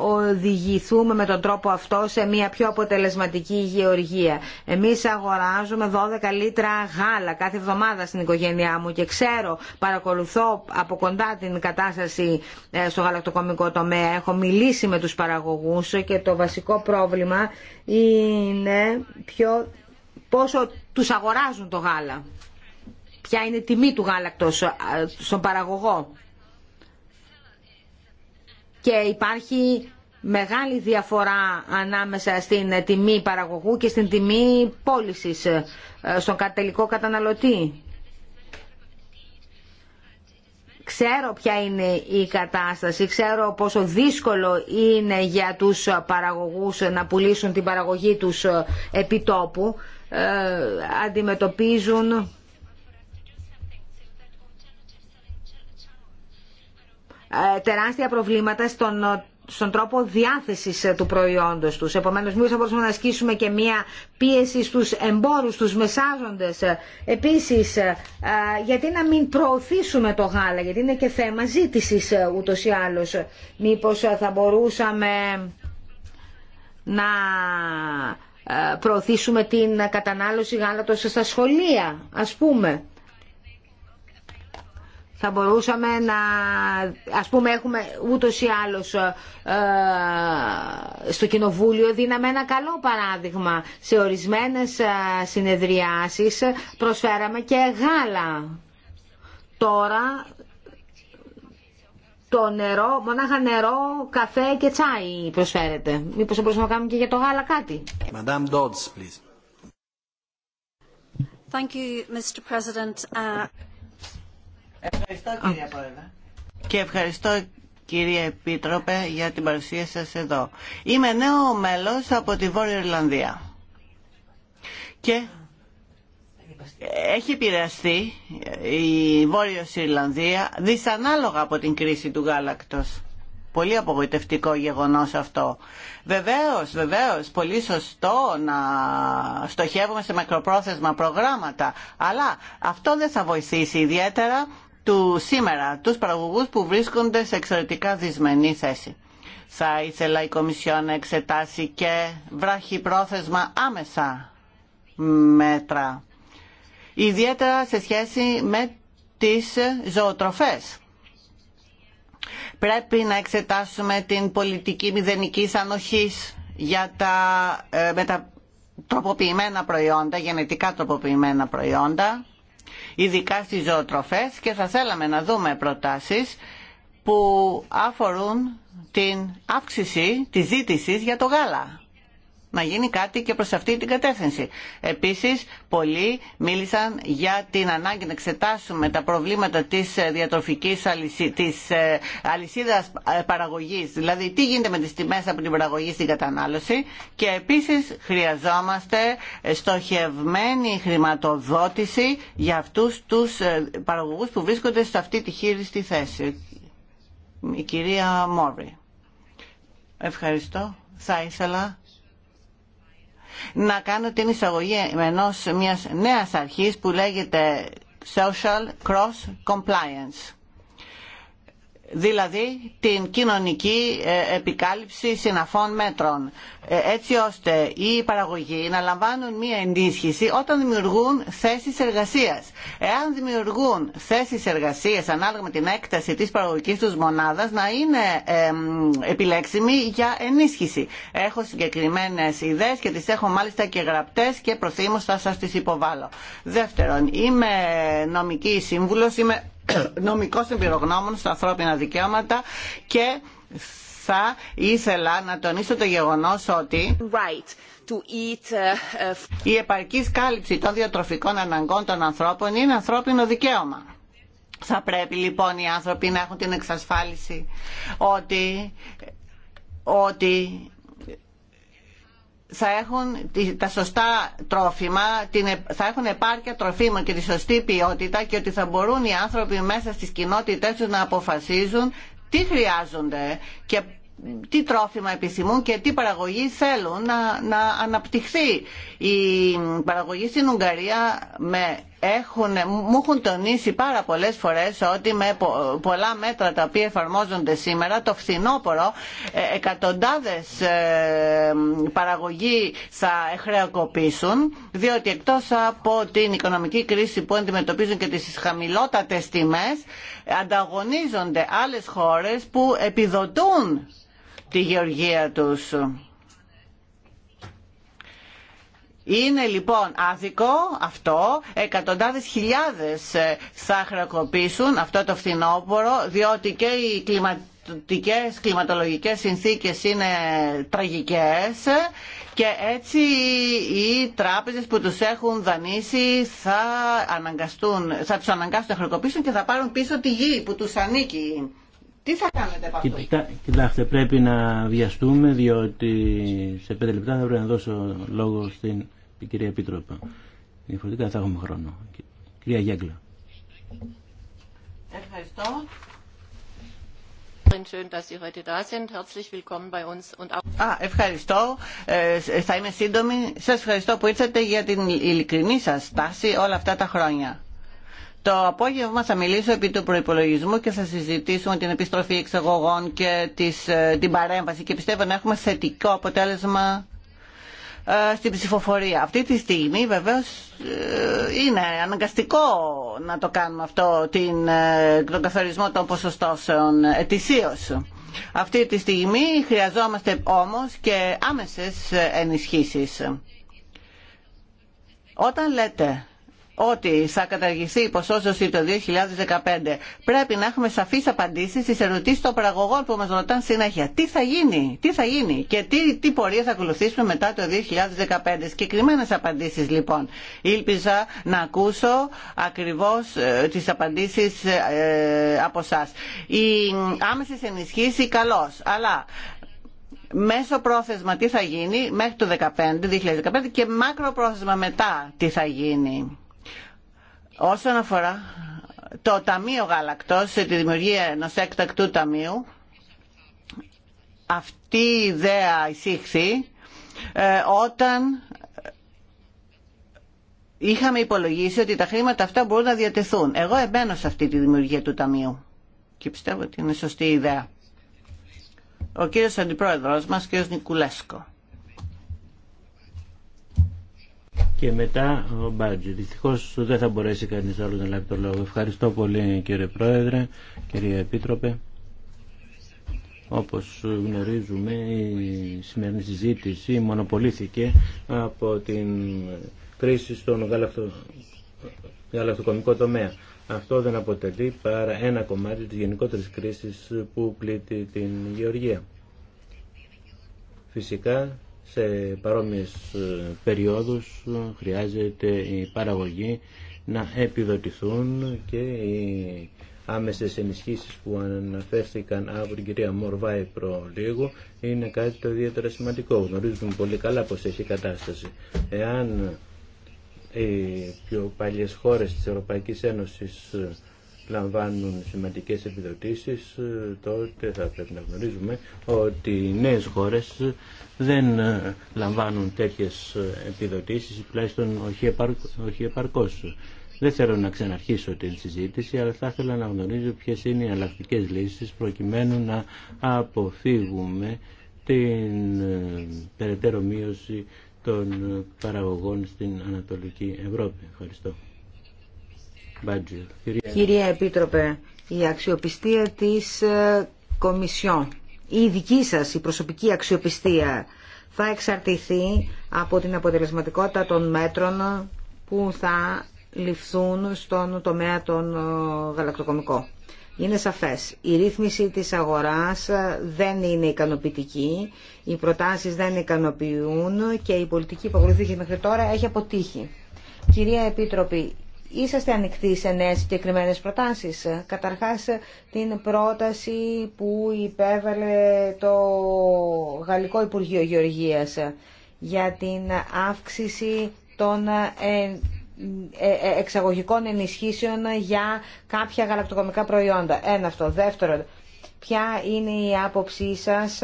οδηγηθούμε με τον τρόπο αυτό σε μια πιο αποτελεσματική γεωργία. Εμείς αγοράζουμε 12 λίτρα γάλα κάθε εβδομάδα στην οικογένειά μου και ξέρω, παρακολουθώ από κοντά την κατάσταση ε, στο γαλακτοκομικό τομέα. Έχω μιλήσει με τους παραγωγούς και το βασικό πρόβλημα είναι πιο πόσο τους αγοράζουν το γάλα ποια είναι η τιμή του γάλακτος στον παραγωγό. Και υπάρχει μεγάλη διαφορά ανάμεσα στην τιμή παραγωγού και στην τιμή πώλησης ε, στον κατελικό καταναλωτή. Ξέρω ποια είναι η κατάσταση, ξέρω πόσο δύσκολο είναι για τους παραγωγούς να πουλήσουν την παραγωγή τους ε, επιτόπου. Ε, αντιμετωπίζουν Ε, τεράστια προβλήματα στον ε, στον τρόπο διάθεση ε, του προϊόντος του. Επομένως, μήπως θα μπορούσαμε να ασκήσουμε και μία πίεση στους εμπόρους, στου μεσάζοντε. Επίσης, γιατί να μην προωθήσουμε το γάλα, γιατί είναι και θέμα ζήτησης ούτω ή άλλω. Μήπως θα μπορούσαμε να προωθήσουμε την κατανάλωση γάλατος στα σχολεία, ας πούμε θα μπορούσαμε να, ας πούμε έχουμε ούτως ή άλλως ε, στο Κοινοβούλιο δίναμε ένα καλό παράδειγμα. Σε ορισμένες ε, συνεδριάσεις προσφέραμε και γάλα. Τώρα το νερό, μονάχα νερό, καφέ και τσάι προσφέρεται. Μήπως μπορούσαμε να κάνουμε και για το γάλα κάτι. madam Dodds, please. Thank you, Mr. President. Uh, Ευχαριστώ κυρία Πρόεδρε. Και ευχαριστώ κύριε Επίτροπε για την παρουσία σας εδώ. Είμαι νέο μέλος από τη Βόρεια Ιρλανδία. Και έχει επηρεαστεί η Βόρεια Ιρλανδία δυσανάλογα από την κρίση του γάλακτος. Πολύ απογοητευτικό γεγονός αυτό. Βεβαίως, βεβαίως, πολύ σωστό να στοχεύουμε σε μακροπρόθεσμα προγράμματα, αλλά αυτό δεν θα βοηθήσει ιδιαίτερα του σήμερα, τους παραγωγούς που βρίσκονται σε εξαιρετικά δυσμενή θέση. Θα ήθελα η Κομισιόν να εξετάσει και βράχει πρόθεσμα άμεσα μέτρα, ιδιαίτερα σε σχέση με τις ζωοτροφές. Πρέπει να εξετάσουμε την πολιτική μηδενικής ανοχής για τα, ε, με τα τροποποιημένα προϊόντα, γενετικά τροποποιημένα προϊόντα ειδικά στις ζωοτροφές και θα θέλαμε να δούμε προτάσεις που αφορούν την αύξηση της ζήτησης για το γάλα να γίνει κάτι και προς αυτή την κατεύθυνση. Επίσης, πολλοί μίλησαν για την ανάγκη να εξετάσουμε τα προβλήματα της διατροφικής αλυσί, της ε, αλυσίδας ε, παραγωγής, δηλαδή τι γίνεται με τις τιμές από την παραγωγή στην κατανάλωση και επίσης χρειαζόμαστε στοχευμένη χρηματοδότηση για αυτούς τους ε, παραγωγούς που βρίσκονται σε αυτή τη χείριστη θέση. Η κυρία Μόρι. Ευχαριστώ. Θα ήθελα να κάνω την εισαγωγή ενός μιας νέας αρχής που λέγεται Social Cross Compliance δηλαδή την κοινωνική ε, επικάλυψη συναφών μέτρων, ε, έτσι ώστε οι παραγωγοί να λαμβάνουν μία ενίσχυση όταν δημιουργούν θέσεις εργασίας. Εάν δημιουργούν θέσεις εργασίας ανάλογα με την έκταση της παραγωγικής τους μονάδας, να είναι επιλέξιμοι για ενίσχυση. Έχω συγκεκριμένες ιδέες και τις έχω μάλιστα και γραπτές και προθήμως θα σας τις υποβάλω. Δεύτερον, είμαι νομική σύμβουλος, είμαι νομικός εμπειρογνώμων στα ανθρώπινα δικαιώματα και θα ήθελα να τονίσω το γεγονός ότι right to eat... Ε, ε, η επαρκής κάλυψη των διατροφικών αναγκών των ανθρώπων είναι ανθρώπινο δικαίωμα. Θα πρέπει λοιπόν οι άνθρωποι να έχουν την εξασφάλιση ότι, ότι θα έχουν τα σωστά τρόφιμα, θα έχουν επάρκεια τροφίμων και τη σωστή ποιότητα και ότι θα μπορούν οι άνθρωποι μέσα στις κοινότητές τους να αποφασίζουν τι χρειάζονται και τι τρόφιμα επιθυμούν και τι παραγωγή θέλουν να, να αναπτυχθεί. Η παραγωγή στην Ουγγαρία με έχουν, μου έχουν τονίσει πάρα πολλές φορές ότι με πολλά μέτρα τα οποία εφαρμόζονται σήμερα το φθινόπωρο ε, εκατοντάδες ε, παραγωγοί θα χρεοκοπήσουν διότι εκτός από την οικονομική κρίση που αντιμετωπίζουν και τις χαμηλότατες τιμές ανταγωνίζονται άλλες χώρες που επιδοτούν τη γεωργία τους. Είναι λοιπόν άδικο αυτό, εκατοντάδες χιλιάδες ε, θα χρεοκοπήσουν αυτό το φθινόπωρο, διότι και οι κλιματικές, κλιματολογικές συνθήκες είναι τραγικές και έτσι οι τράπεζες που τους έχουν δανείσει θα, αναγκαστούν, θα τους αναγκάσουν να χρεοκοπήσουν και θα πάρουν πίσω τη γη που τους ανήκει. Τι θα κάνετε από αυτό. κοιτάξτε, πρέπει να βιαστούμε διότι σε πέντε λεπτά θα πρέπει να δώσω λόγο στην η κυρία Επίτροπα. Διαφορετικά θα έχουμε χρόνο. Κυρία Γέγκλα. Ευχαριστώ. ευχαριστώ. Ε, θα είμαι σύντομη. Σα ευχαριστώ που ήρθατε για την ειλικρινή σα τάση όλα αυτά τα χρόνια. Το απόγευμα θα μιλήσω επί του προπολογισμού και θα συζητήσουμε την επιστροφή εξαγωγών και ε, την παρέμβαση και πιστεύω να έχουμε θετικό αποτέλεσμα στην ψηφοφορία. Αυτή τη στιγμή βεβαίως ε, είναι αναγκαστικό να το κάνουμε αυτό την, ε, τον καθορισμό των ποσοστώσεων ετησίω. Αυτή τη στιγμή χρειαζόμαστε όμως και άμεσες ενισχύσεις. Όταν λέτε ότι θα καταργηθεί η ποσόστοση το 2015. Πρέπει να έχουμε σαφεί απαντήσει στις ερωτήσεις των παραγωγών που μας ρωτάνε συνέχεια. Τι θα γίνει, τι θα γίνει και τι, τι πορεία θα ακολουθήσουμε μετά το 2015. Συγκεκριμένε απαντήσει, λοιπόν. Ήλπιζα να ακούσω ακριβώ ε, τις απαντήσεις ε, από εσά. Η άμεση ενισχύσει καλώς, αλλά μέσω πρόθεσμα τι θα γίνει μέχρι το 2015, 2015 και μακροπρόθεσμα μετά τι θα γίνει. Όσον αφορά το Ταμείο Γάλακτος, τη δημιουργία ενός έκτακτου ταμείου, αυτή η ιδέα εισήχθη ε, όταν είχαμε υπολογίσει ότι τα χρήματα αυτά μπορούν να διατεθούν. Εγώ εμπαίνω σε αυτή τη δημιουργία του Ταμείου και πιστεύω ότι είναι σωστή ιδέα. Ο κύριος Αντιπρόεδρος μας, κύριος Νικουλέσκο. και μετά ο Μπάτζη. Δυστυχώ δεν θα μπορέσει κανεί άλλο να λάβει το λόγο. Ευχαριστώ πολύ κύριε Πρόεδρε, κύριε Επίτροπε. Όπως γνωρίζουμε η σημερινή συζήτηση μονοπολήθηκε από την κρίση στον γαλακτο... γαλακτοκομικό τομέα. Αυτό δεν αποτελεί παρά ένα κομμάτι της γενικότερης κρίσης που πλήττει την γεωργία. Φυσικά σε παρόμοιες ε, περιόδους ε, χρειάζεται η παραγωγή να επιδοτηθούν και οι άμεσες ενισχύσεις που αναφέρθηκαν από την κυρία Μορβάη προ λίγο είναι κάτι το ιδιαίτερα σημαντικό. Γνωρίζουμε πολύ καλά πως έχει κατάσταση. Εάν οι πιο παλιές χώρες της Ευρωπαϊκής Ένωσης ε, λαμβάνουν σημαντικές επιδοτήσεις, ε, τότε θα πρέπει να γνωρίζουμε ότι οι νέες χώρες ε, δεν ε, λαμβάνουν τέτοιες επιδοτήσεις, τουλάχιστον όχι επαρκώς. Δεν θέλω να ξαναρχίσω την συζήτηση, αλλά θα ήθελα να γνωρίζω ποιες είναι οι αλλακτικέ λύσεις προκειμένου να αποφύγουμε την περαιτέρω μείωση των παραγωγών στην Ανατολική Ευρώπη. Ευχαριστώ. Κυρία Επίτροπε, η αξιοπιστία της ε, Κομισιόν, η δική σας, η προσωπική αξιοπιστία θα εξαρτηθεί από την αποτελεσματικότητα των μέτρων που θα ληφθούν στον τομέα των ε, γαλακτοκομικών. Είναι σαφές, η ρύθμιση της αγοράς ε, δεν είναι ικανοποιητική, οι προτάσεις δεν ικανοποιούν και η πολιτική που ακολουθήθηκε μέχρι τώρα έχει αποτύχει. Κυρία Επίτροπη, είσαστε ανοιχτοί σε νέες συγκεκριμένε προτάσεις. Καταρχάς την πρόταση που υπέβαλε το Γαλλικό Υπουργείο Γεωργίας για την αύξηση των ε, ε, ε, εξαγωγικών ενισχύσεων για κάποια γαλακτοκομικά προϊόντα. Ένα αυτό. Δεύτερον, ποια είναι η άποψή σας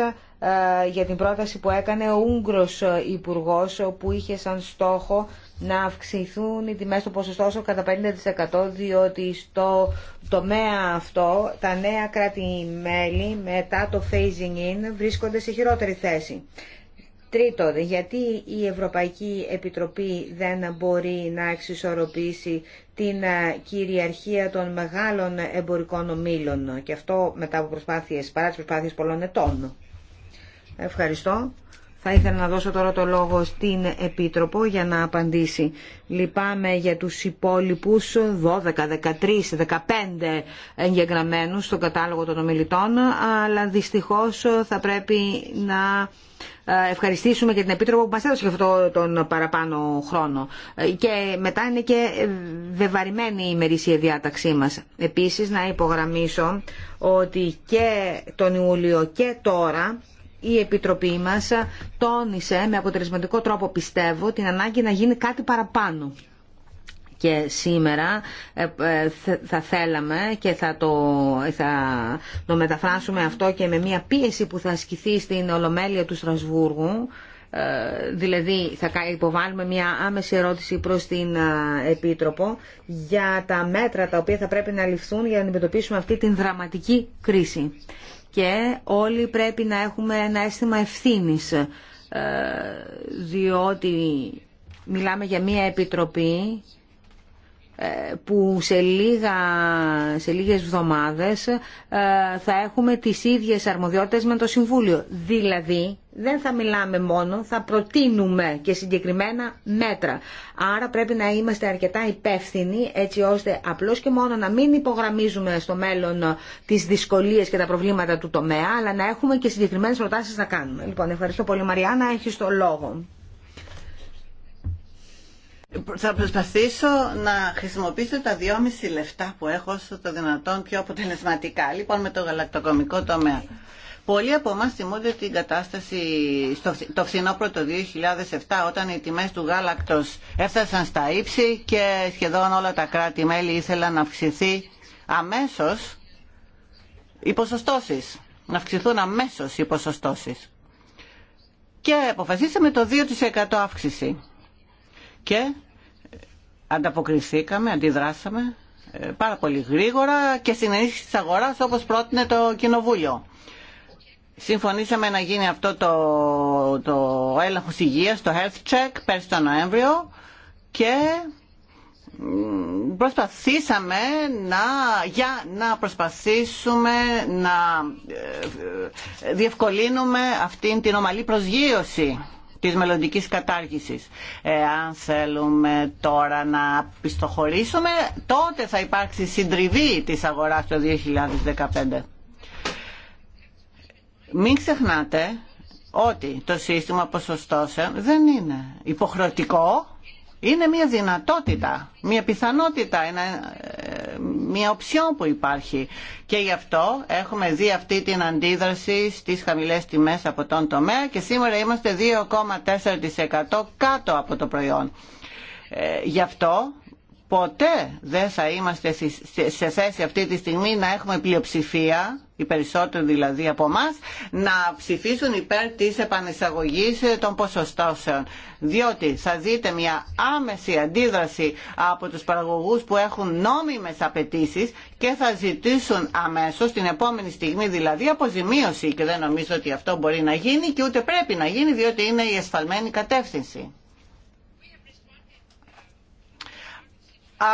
για την πρόταση που έκανε ο Ούγγρος Υπουργός που είχε σαν στόχο να αυξηθούν οι τιμές του ποσοστό κατά 50% διότι στο τομέα αυτό τα νέα κράτη-μέλη μετά το phasing in βρίσκονται σε χειρότερη θέση. Τρίτον, γιατί η Ευρωπαϊκή Επιτροπή δεν μπορεί να εξισορροπήσει την ε, κυριαρχία των μεγάλων εμπορικών ομίλων και αυτό μετά από προσπάθειες, παρά τις προσπάθειες πολλών ετών. Ευχαριστώ. Θα ήθελα να δώσω τώρα το λόγο στην Επίτροπο για να απαντήσει. Λυπάμαι για τους υπόλοιπους 12, 13, 15 εγγεγραμμένους στον κατάλογο των ομιλητών, αλλά δυστυχώς θα πρέπει να ε, ευχαριστήσουμε και την Επίτροπο που μας έδωσε αυτό τον παραπάνω χρόνο. Ε, και μετά είναι και βεβαρημένη η ημερήσια διάταξή μας. Επίσης να υπογραμμίσω ότι και τον Ιούλιο και τώρα η Επιτροπή μας τόνισε με αποτελεσματικό τρόπο πιστεύω την ανάγκη να γίνει κάτι παραπάνω. Και σήμερα ε, ε, θα θέλαμε και θα το, θα το μεταφράσουμε αυτό και με μια πίεση που θα ασκηθεί στην Ολομέλεια του Στρασβούργου ε, δηλαδή θα υποβάλουμε μια άμεση ερώτηση προς την Επίτροπο για τα μέτρα τα οποία θα πρέπει να ληφθούν για να αντιμετωπίσουμε αυτή την δραματική κρίση και όλοι πρέπει να έχουμε ένα αίσθημα ευθύνης ε, διότι μιλάμε για μια επιτροπή ε, που σε, λίγα, σε λίγες εβδομάδες ε, θα έχουμε τις ίδιες αρμοδιότητες με το Συμβούλιο. Δηλαδή, δεν θα μιλάμε μόνο, θα προτείνουμε και συγκεκριμένα μέτρα. Άρα πρέπει να είμαστε αρκετά υπεύθυνοι έτσι ώστε απλώς και μόνο να μην υπογραμμίζουμε στο μέλλον τις δυσκολίες και τα προβλήματα του τομέα, αλλά να έχουμε και συγκεκριμένες προτάσεις να κάνουμε. Λοιπόν, ευχαριστώ πολύ Μαριάννα, έχεις το λόγο. Θα προσπαθήσω να χρησιμοποιήσω τα δυόμιση λεφτά που έχω το δυνατόν πιο αποτελεσματικά, λοιπόν με το γαλακτοκομικό τομέα. Πολλοί από εμά θυμούνται την κατάσταση στο, το φθινόπωρο το 2007 όταν οι τιμές του γάλακτος έφτασαν στα ύψη και σχεδόν όλα τα κράτη-μέλη ήθελαν να αυξηθεί αμέσως οι ποσοστώσεις, να αυξηθούν αμέσως οι ποσοστώσεις. Και αποφασίσαμε το 2% αύξηση. Και ανταποκριθήκαμε, αντιδράσαμε ε, πάρα πολύ γρήγορα και στην ενίσχυση της αγοράς όπως πρότεινε το Κοινοβούλιο συμφωνήσαμε να γίνει αυτό το, το έλεγχος υγείας, το health check, πέρσι το Νοέμβριο και προσπαθήσαμε να, για να προσπαθήσουμε να ε, ε, διευκολύνουμε αυτήν την ομαλή προσγείωση της μελλοντική κατάργησης. αν θέλουμε τώρα να πιστοχωρήσουμε, τότε θα υπάρξει συντριβή της αγοράς το 2015. Μην ξεχνάτε ότι το σύστημα ποσοστώσεων δεν είναι υποχρεωτικό, είναι μια δυνατότητα, μια πιθανότητα, ένα, ε, μια οψιόν που υπάρχει. Και γι' αυτό έχουμε δει αυτή την αντίδραση στις χαμηλές τιμές από τον τομέα και σήμερα είμαστε 2,4% κάτω από το προϊόν. Ε, γι' αυτό ποτέ δεν θα είμαστε σε θέση αυτή τη στιγμή να έχουμε πλειοψηφία, οι περισσότεροι δηλαδή από εμά, να ψηφίσουν υπέρ της επανεισαγωγής των ποσοστώσεων. Διότι θα δείτε μια άμεση αντίδραση από τους παραγωγούς που έχουν νόμιμες απαιτήσει και θα ζητήσουν αμέσως την επόμενη στιγμή δηλαδή αποζημίωση και δεν νομίζω ότι αυτό μπορεί να γίνει και ούτε πρέπει να γίνει διότι είναι η εσφαλμένη κατεύθυνση.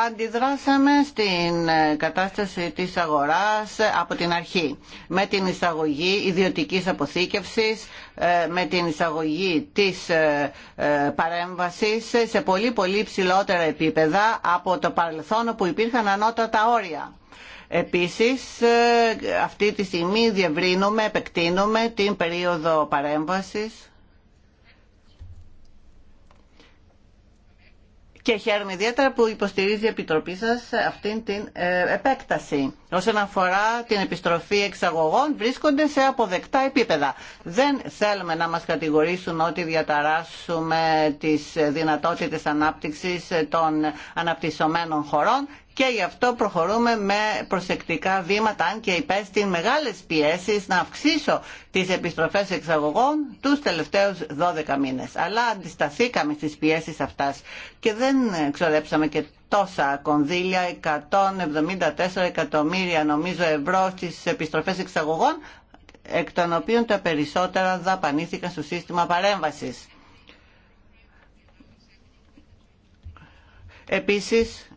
αντιδράσαμε στην κατάσταση της αγοράς από την αρχή με την εισαγωγή ιδιωτικής αποθήκευσης, ε, με την εισαγωγή της ε, ε, παρέμβασης σε πολύ πολύ ψηλότερα επίπεδα από το παρελθόν που υπήρχαν ανώτατα όρια. Επίσης, αυτή τη στιγμή διευρύνουμε, επεκτείνουμε την περίοδο παρέμβασης και χαίρομαι ιδιαίτερα που υποστηρίζει η Επιτροπή σα αυτήν την ε, επέκταση. Όσον αφορά την επιστροφή εξαγωγών βρίσκονται σε αποδεκτά επίπεδα. Δεν θέλουμε να μας κατηγορήσουν ότι διαταράσσουμε τις δυνατότητες ανάπτυξης των αναπτυσσομένων χωρών και γι' αυτό προχωρούμε με προσεκτικά βήματα αν και υπέστη μεγάλες πιέσεις να αυξήσω τις επιστροφές εξαγωγών τους τελευταίους 12 μήνες. Αλλά αντισταθήκαμε στις πιέσεις αυτές και δεν εξολέψαμε και τόσα κονδύλια, 174 εκατομμύρια νομίζω ευρώ στις επιστροφές εξαγωγών εκ των οποίων τα περισσότερα δαπανήθηκαν στο σύστημα παρέμβασης. Επίσης,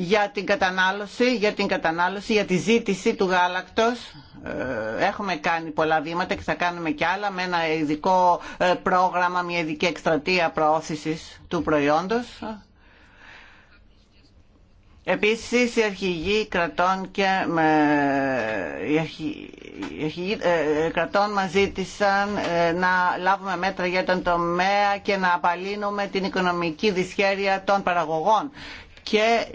για την κατανάλωση, για την κατανάλωση, για τη ζήτηση του γάλακτος. Ε, έχουμε κάνει πολλά βήματα και θα κάνουμε κι άλλα με ένα ειδικό ε, πρόγραμμα, μια ειδική εκστρατεία προώθησης του προϊόντος. Επίσης οι αρχηγοί κρατών και οι ε, κρατών μας ζήτησαν να λάβουμε μέτρα για τον τομέα και να απαλύνουμε την οικονομική δυσχέρεια των παραγωγών. Και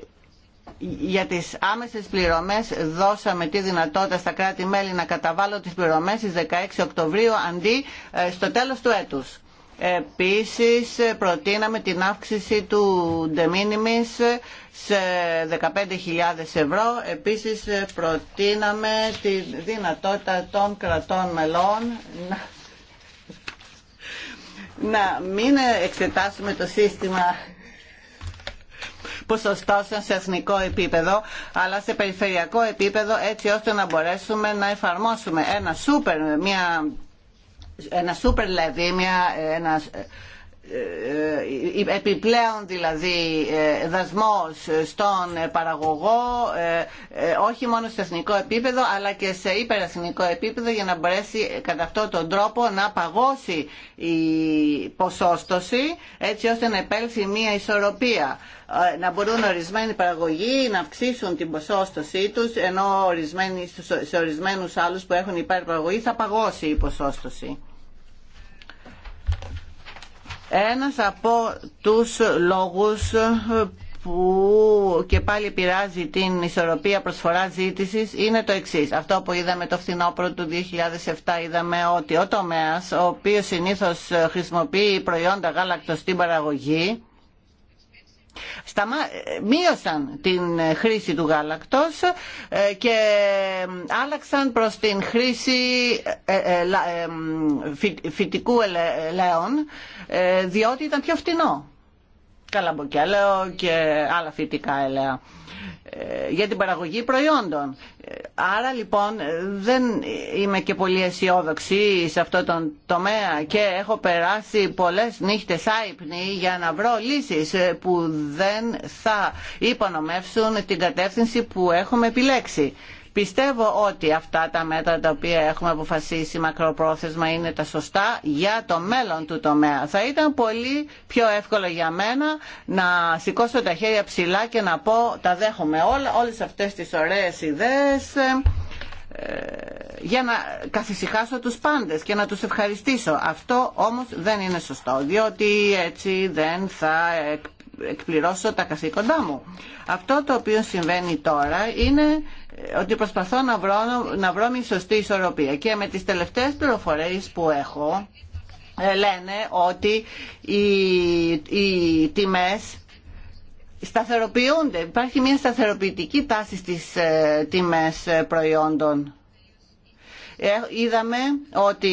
για τις άμεσες πληρωμές δώσαμε τη δυνατότητα στα κράτη-μέλη να καταβάλουν τις πληρωμές στις 16 Οκτωβρίου αντί ε, στο τέλος του έτους. Επίσης προτείναμε την αύξηση του de σε 15.000 ευρώ. Επίσης προτείναμε τη δυνατότητα των κρατών μελών να, να μην εξετάσουμε το σύστημα Ποσοστό σε εθνικό επίπεδο αλλά σε περιφερειακό επίπεδο έτσι ώστε να μπορέσουμε να εφαρμόσουμε ένα σούπερ, μια, ένα σούπερ δηλαδή, μια, ένα ε, ε, ε, επιπλέον δηλαδή δασμός στον παραγωγό όχι μόνο σε εθνικό επίπεδο αλλά και σε υπερεθνικό επίπεδο για να μπορέσει κατά αυτόν τον τρόπο να παγώσει η ποσόστοση έτσι ώστε να επέλθει μια ισορροπία να μπορούν ορισμένοι παραγωγοί να αυξήσουν την ποσόστοσή τους ενώ σε ορισμένους άλλους που έχουν υπερπαραγωγή θα παγώσει η ποσόστοση. Ένας από τους λόγους που και πάλι πειράζει την ισορροπία προσφορά ζήτηση είναι το εξή. Αυτό που είδαμε το φθινόπωρο του 2007 είδαμε ότι ο τομέα, ο οποίο συνήθω χρησιμοποιεί προϊόντα γάλακτο στην παραγωγή, Σταμα... μείωσαν την χρήση του γάλακτος ε, και άλλαξαν προς την χρήση ε, ε, φυτικού ελαιών διότι ήταν πιο φτηνό καλαμποκιάλεο και άλλα φυτικά ελαία για την παραγωγή προϊόντων. Άρα λοιπόν δεν είμαι και πολύ αισιόδοξη σε αυτό το τομέα και έχω περάσει πολλές νύχτες άϊπνοι για να βρω λύσεις που δεν θα υπονομεύσουν την κατεύθυνση που έχουμε επιλέξει. Πιστεύω ότι αυτά τα μέτρα τα οποία έχουμε αποφασίσει μακροπρόθεσμα είναι τα σωστά για το μέλλον του τομέα. Θα ήταν πολύ πιο εύκολο για μένα να σηκώσω τα χέρια ψηλά και να πω τα δέχομαι όλα, όλες αυτές τις ωραίες ιδέες ε, για να καθησυχάσω τους πάντες και να τους ευχαριστήσω. Αυτό όμως δεν είναι σωστό, διότι έτσι δεν θα εκπληρώσω τα καθήκοντά μου. Αυτό το οποίο συμβαίνει τώρα είναι ότι προσπαθώ να βρω, να βρω μια σωστή ισορροπία και με τις τελευταίες πληροφορίες που έχω ε, λένε ότι οι, οι τιμές σταθεροποιούνται. Υπάρχει μια σταθεροποιητική τάση στις ε, τιμές ε, προϊόντων. Ε, είδαμε ότι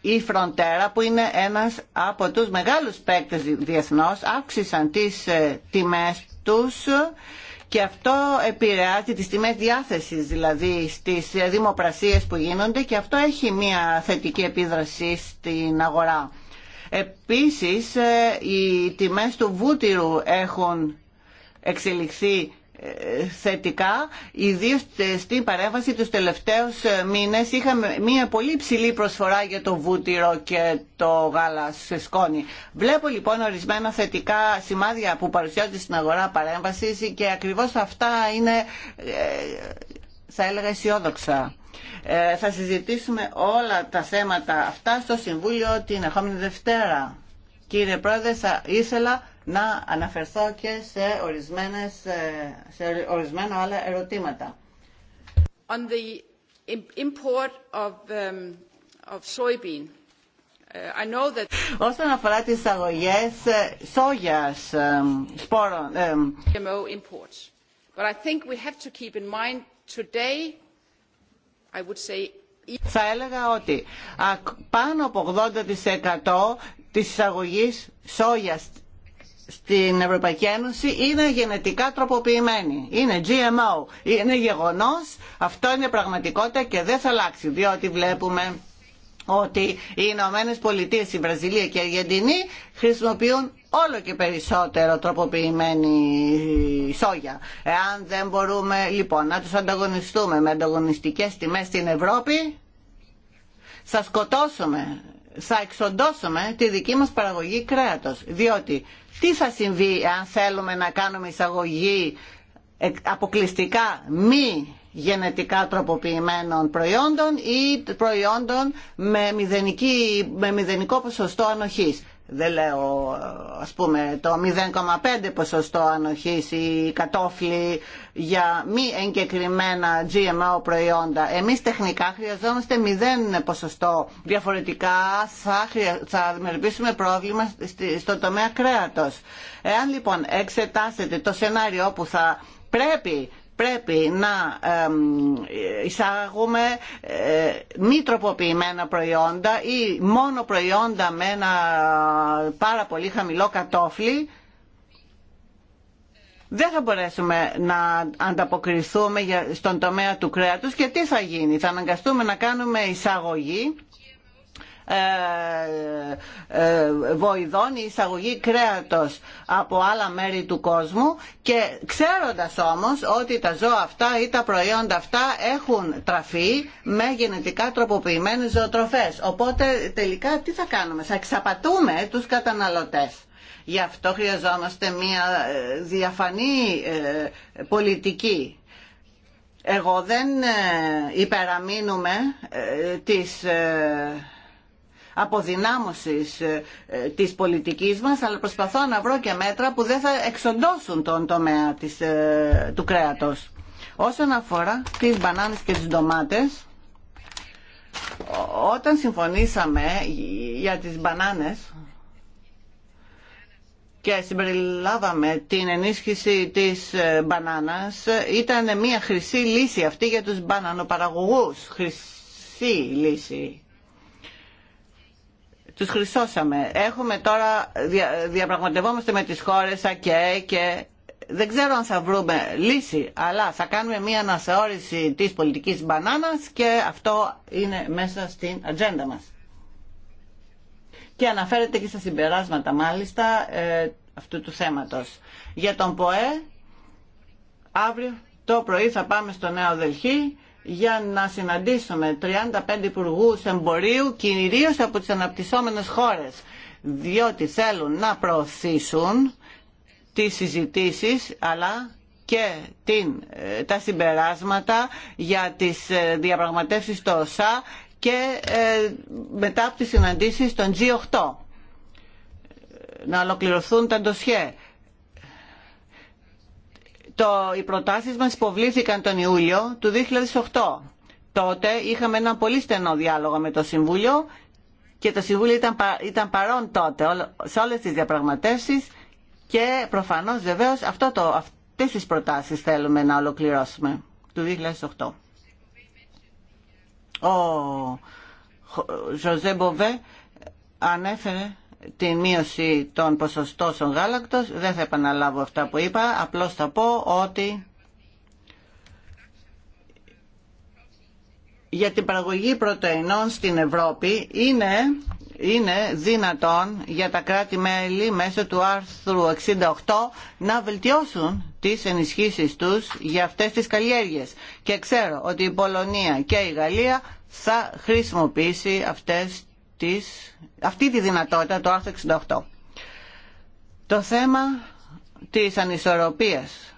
η Φροντέρα που είναι ένας από τους μεγάλους παίκτες διεθνώς αύξησαν τις ε, τιμές τους και αυτό επηρεάζει τις τιμές διάθεσης δηλαδή στις δημοπρασίες που γίνονται και αυτό έχει μια θετική επίδραση στην αγορά. Επίσης ε, οι τιμές του βούτυρου έχουν εξελιχθεί θετικά, ιδίω στην παρέμβαση του τελευταίου μήνες είχαμε μια πολύ ψηλή προσφορά για το βούτυρο και το γάλα σε σκόνη. Βλέπω λοιπόν ορισμένα θετικά σημάδια που παρουσιάζονται στην αγορά παρέμβαση και ακριβώς αυτά είναι, ε, θα έλεγα, αισιόδοξα. Ε, θα συζητήσουμε όλα τα θέματα αυτά στο Συμβούλιο την ερχόμενη Δευτέρα. Κύριε Πρόεδρε, θα ήθελα να αναφερθώ και σε, ορισμένες, ε, σε ορισμένα άλλα ερωτήματα. On the import of, um, of soybean. Uh, I know that... Όσον αφορά τις αγωγές ε, σόγιας ε, σπόρων. GMO imports. But I think we have to keep in mind today, I would say... E- θα έλεγα ότι πάνω από 80% της εισαγωγής σόγιας στην Ευρωπαϊκή Ένωση είναι γενετικά τροποποιημένη Είναι GMO. Είναι γεγονός. Αυτό είναι πραγματικότητα και δεν θα αλλάξει. Διότι βλέπουμε ότι οι Ηνωμένε Πολιτείε, η Βραζιλία και η Αργεντινή χρησιμοποιούν όλο και περισσότερο τροποποιημένη σόγια. Εάν δεν μπορούμε λοιπόν να τους ανταγωνιστούμε με ανταγωνιστικές τιμές στην Ευρώπη, θα σκοτώσουμε θα εξοντώσουμε τη δική μας παραγωγή κρέατος. Διότι τι θα συμβεί αν θέλουμε να κάνουμε εισαγωγή ε, αποκλειστικά μη γενετικά τροποποιημένων προϊόντων ή προϊόντων με, μηδενική, με μηδενικό ποσοστό ανοχής δεν λέω ας πούμε το 0,5 ποσοστό ανοχής ή κατόφλι για μη εγκεκριμένα GMO προϊόντα. Εμείς τεχνικά χρειαζόμαστε 0 ποσοστό. Διαφορετικά θα, θα δημιουργήσουμε πρόβλημα στο τομέα κρέατος. Εάν λοιπόν εξετάσετε το σενάριο που θα πρέπει πρέπει να εισάγουμε ε, μη τροποποιημένα προϊόντα ή μόνο προϊόντα με ένα πάρα πολύ χαμηλό κατόφλι δεν θα μπορέσουμε να ανταποκριθούμε στον τομέα του κρέατος και τι θα γίνει. Θα αναγκαστούμε να κάνουμε εισαγωγή ε, ε, βοηδών η εισαγωγή κρέατος από άλλα μέρη του κόσμου και ξέροντας όμως ότι τα ζώα αυτά ή τα προϊόντα αυτά έχουν τραφεί με γενετικά τροποποιημένες ζωοτροφές. Οπότε τελικά τι θα κάνουμε, θα εξαπατούμε τους καταναλωτές. Γι' αυτό χρειαζόμαστε μια ε, διαφανή πολιτική εγώ δεν υπεραμείνουμε τις αποδυνάμωσης ε, της πολιτικής μας, αλλά προσπαθώ να βρω και μέτρα που δεν θα εξοντώσουν τον τομέα της, ε, του κρέατος. Όσον αφορά τις μπανάνες και τις ντομάτες, όταν συμφωνήσαμε για τις μπανάνες και συμπεριλάβαμε την ενίσχυση της ε, μπανάνας, ήταν μια χρυσή λύση αυτή για τους μπανανοπαραγωγούς. Χρυσή λύση τους χρυσώσαμε. Έχουμε τώρα, διαπραγματευόμαστε με τις χώρες ΑΚΕ και δεν ξέρω αν θα βρούμε λύση, αλλά θα κάνουμε μία αναθεώρηση της πολιτικής μπανάνας και αυτό είναι μέσα στην ατζέντα μας. Και αναφέρεται και στα συμπεράσματα μάλιστα ε, αυτού του θέματος. Για τον ΠΟΕ, αύριο το πρωί θα πάμε στο Νέο Δελχή για να συναντήσουμε 35 υπουργού εμπορίου κυρίω από τις αναπτυσσόμενες χώρες διότι θέλουν να προωθήσουν τις συζητήσεις αλλά και την, ε, τα συμπεράσματα για τις ε, διαπραγματεύσεις στο ΩΣΑ και ε, μετά από τις συναντήσεις των G8 να ολοκληρωθούν τα ντοσιέ το, οι προτάσεις μας υποβλήθηκαν τον Ιούλιο του 2008. Τότε είχαμε ένα πολύ στενό διάλογο με το Συμβούλιο και το Συμβούλιο ήταν, ήταν παρόν τότε σε όλες τις διαπραγματεύσεις και προφανώς βεβαίως αυτό το, αυτές τις προτάσεις θέλουμε να ολοκληρώσουμε του 2008. Ο Ζωζέ Μποβέ ανέφερε την μείωση των ποσοστών γάλακτος. Δεν θα επαναλάβω αυτά που είπα, απλώς θα πω ότι για την παραγωγή πρωτεϊνών στην Ευρώπη είναι, είναι δυνατόν για τα κράτη-μέλη μέσω του άρθρου 68 να βελτιώσουν τις ενισχύσεις τους για αυτές τις καλλιέργειες. Και ξέρω ότι η Πολωνία και η Γαλλία θα χρησιμοποιήσει αυτές αυτή τη δυνατότητα το άρθρο 68. Το θέμα της ανισορροπίας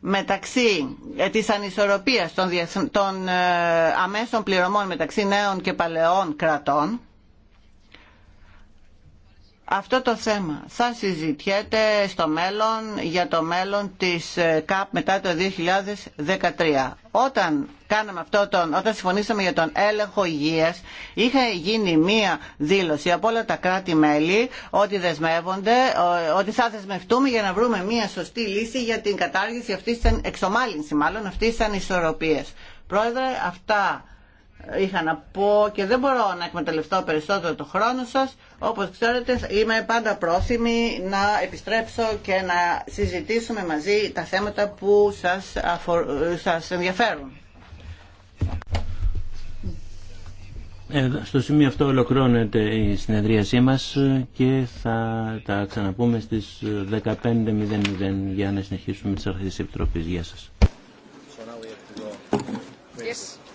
μεταξύ ε, της ανισορροπίας των, των ε, αμέσων πληρωμών μεταξύ νέων και παλαιών κρατών αυτό το θέμα θα συζητιέται στο μέλλον για το μέλλον της ε, ΚΑΠ μετά το 2013. Όταν, κάναμε αυτό τον, όταν συμφωνήσαμε για τον έλεγχο υγείας είχε γίνει μία δήλωση από όλα τα κράτη-μέλη ότι δεσμεύονται, ότι θα δεσμευτούμε για να βρούμε μία σωστή λύση για την κατάργηση αυτής της εξομάλυνση μάλλον αυτής της ανισορροπίας. Πρόεδρε, αυτά είχα να πω και δεν μπορώ να εκμεταλλευτώ περισσότερο το χρόνο σας. Όπως ξέρετε είμαι πάντα πρόθυμη να επιστρέψω και να συζητήσουμε μαζί τα θέματα που σας, σας ενδιαφέρουν. Ε, στο σημείο αυτό ολοκληρώνεται η συνεδρίασή μας και θα τα ξαναπούμε στις 15.00 για να συνεχίσουμε τις αρχές της Επιτροπής. Γεια σας. Yes.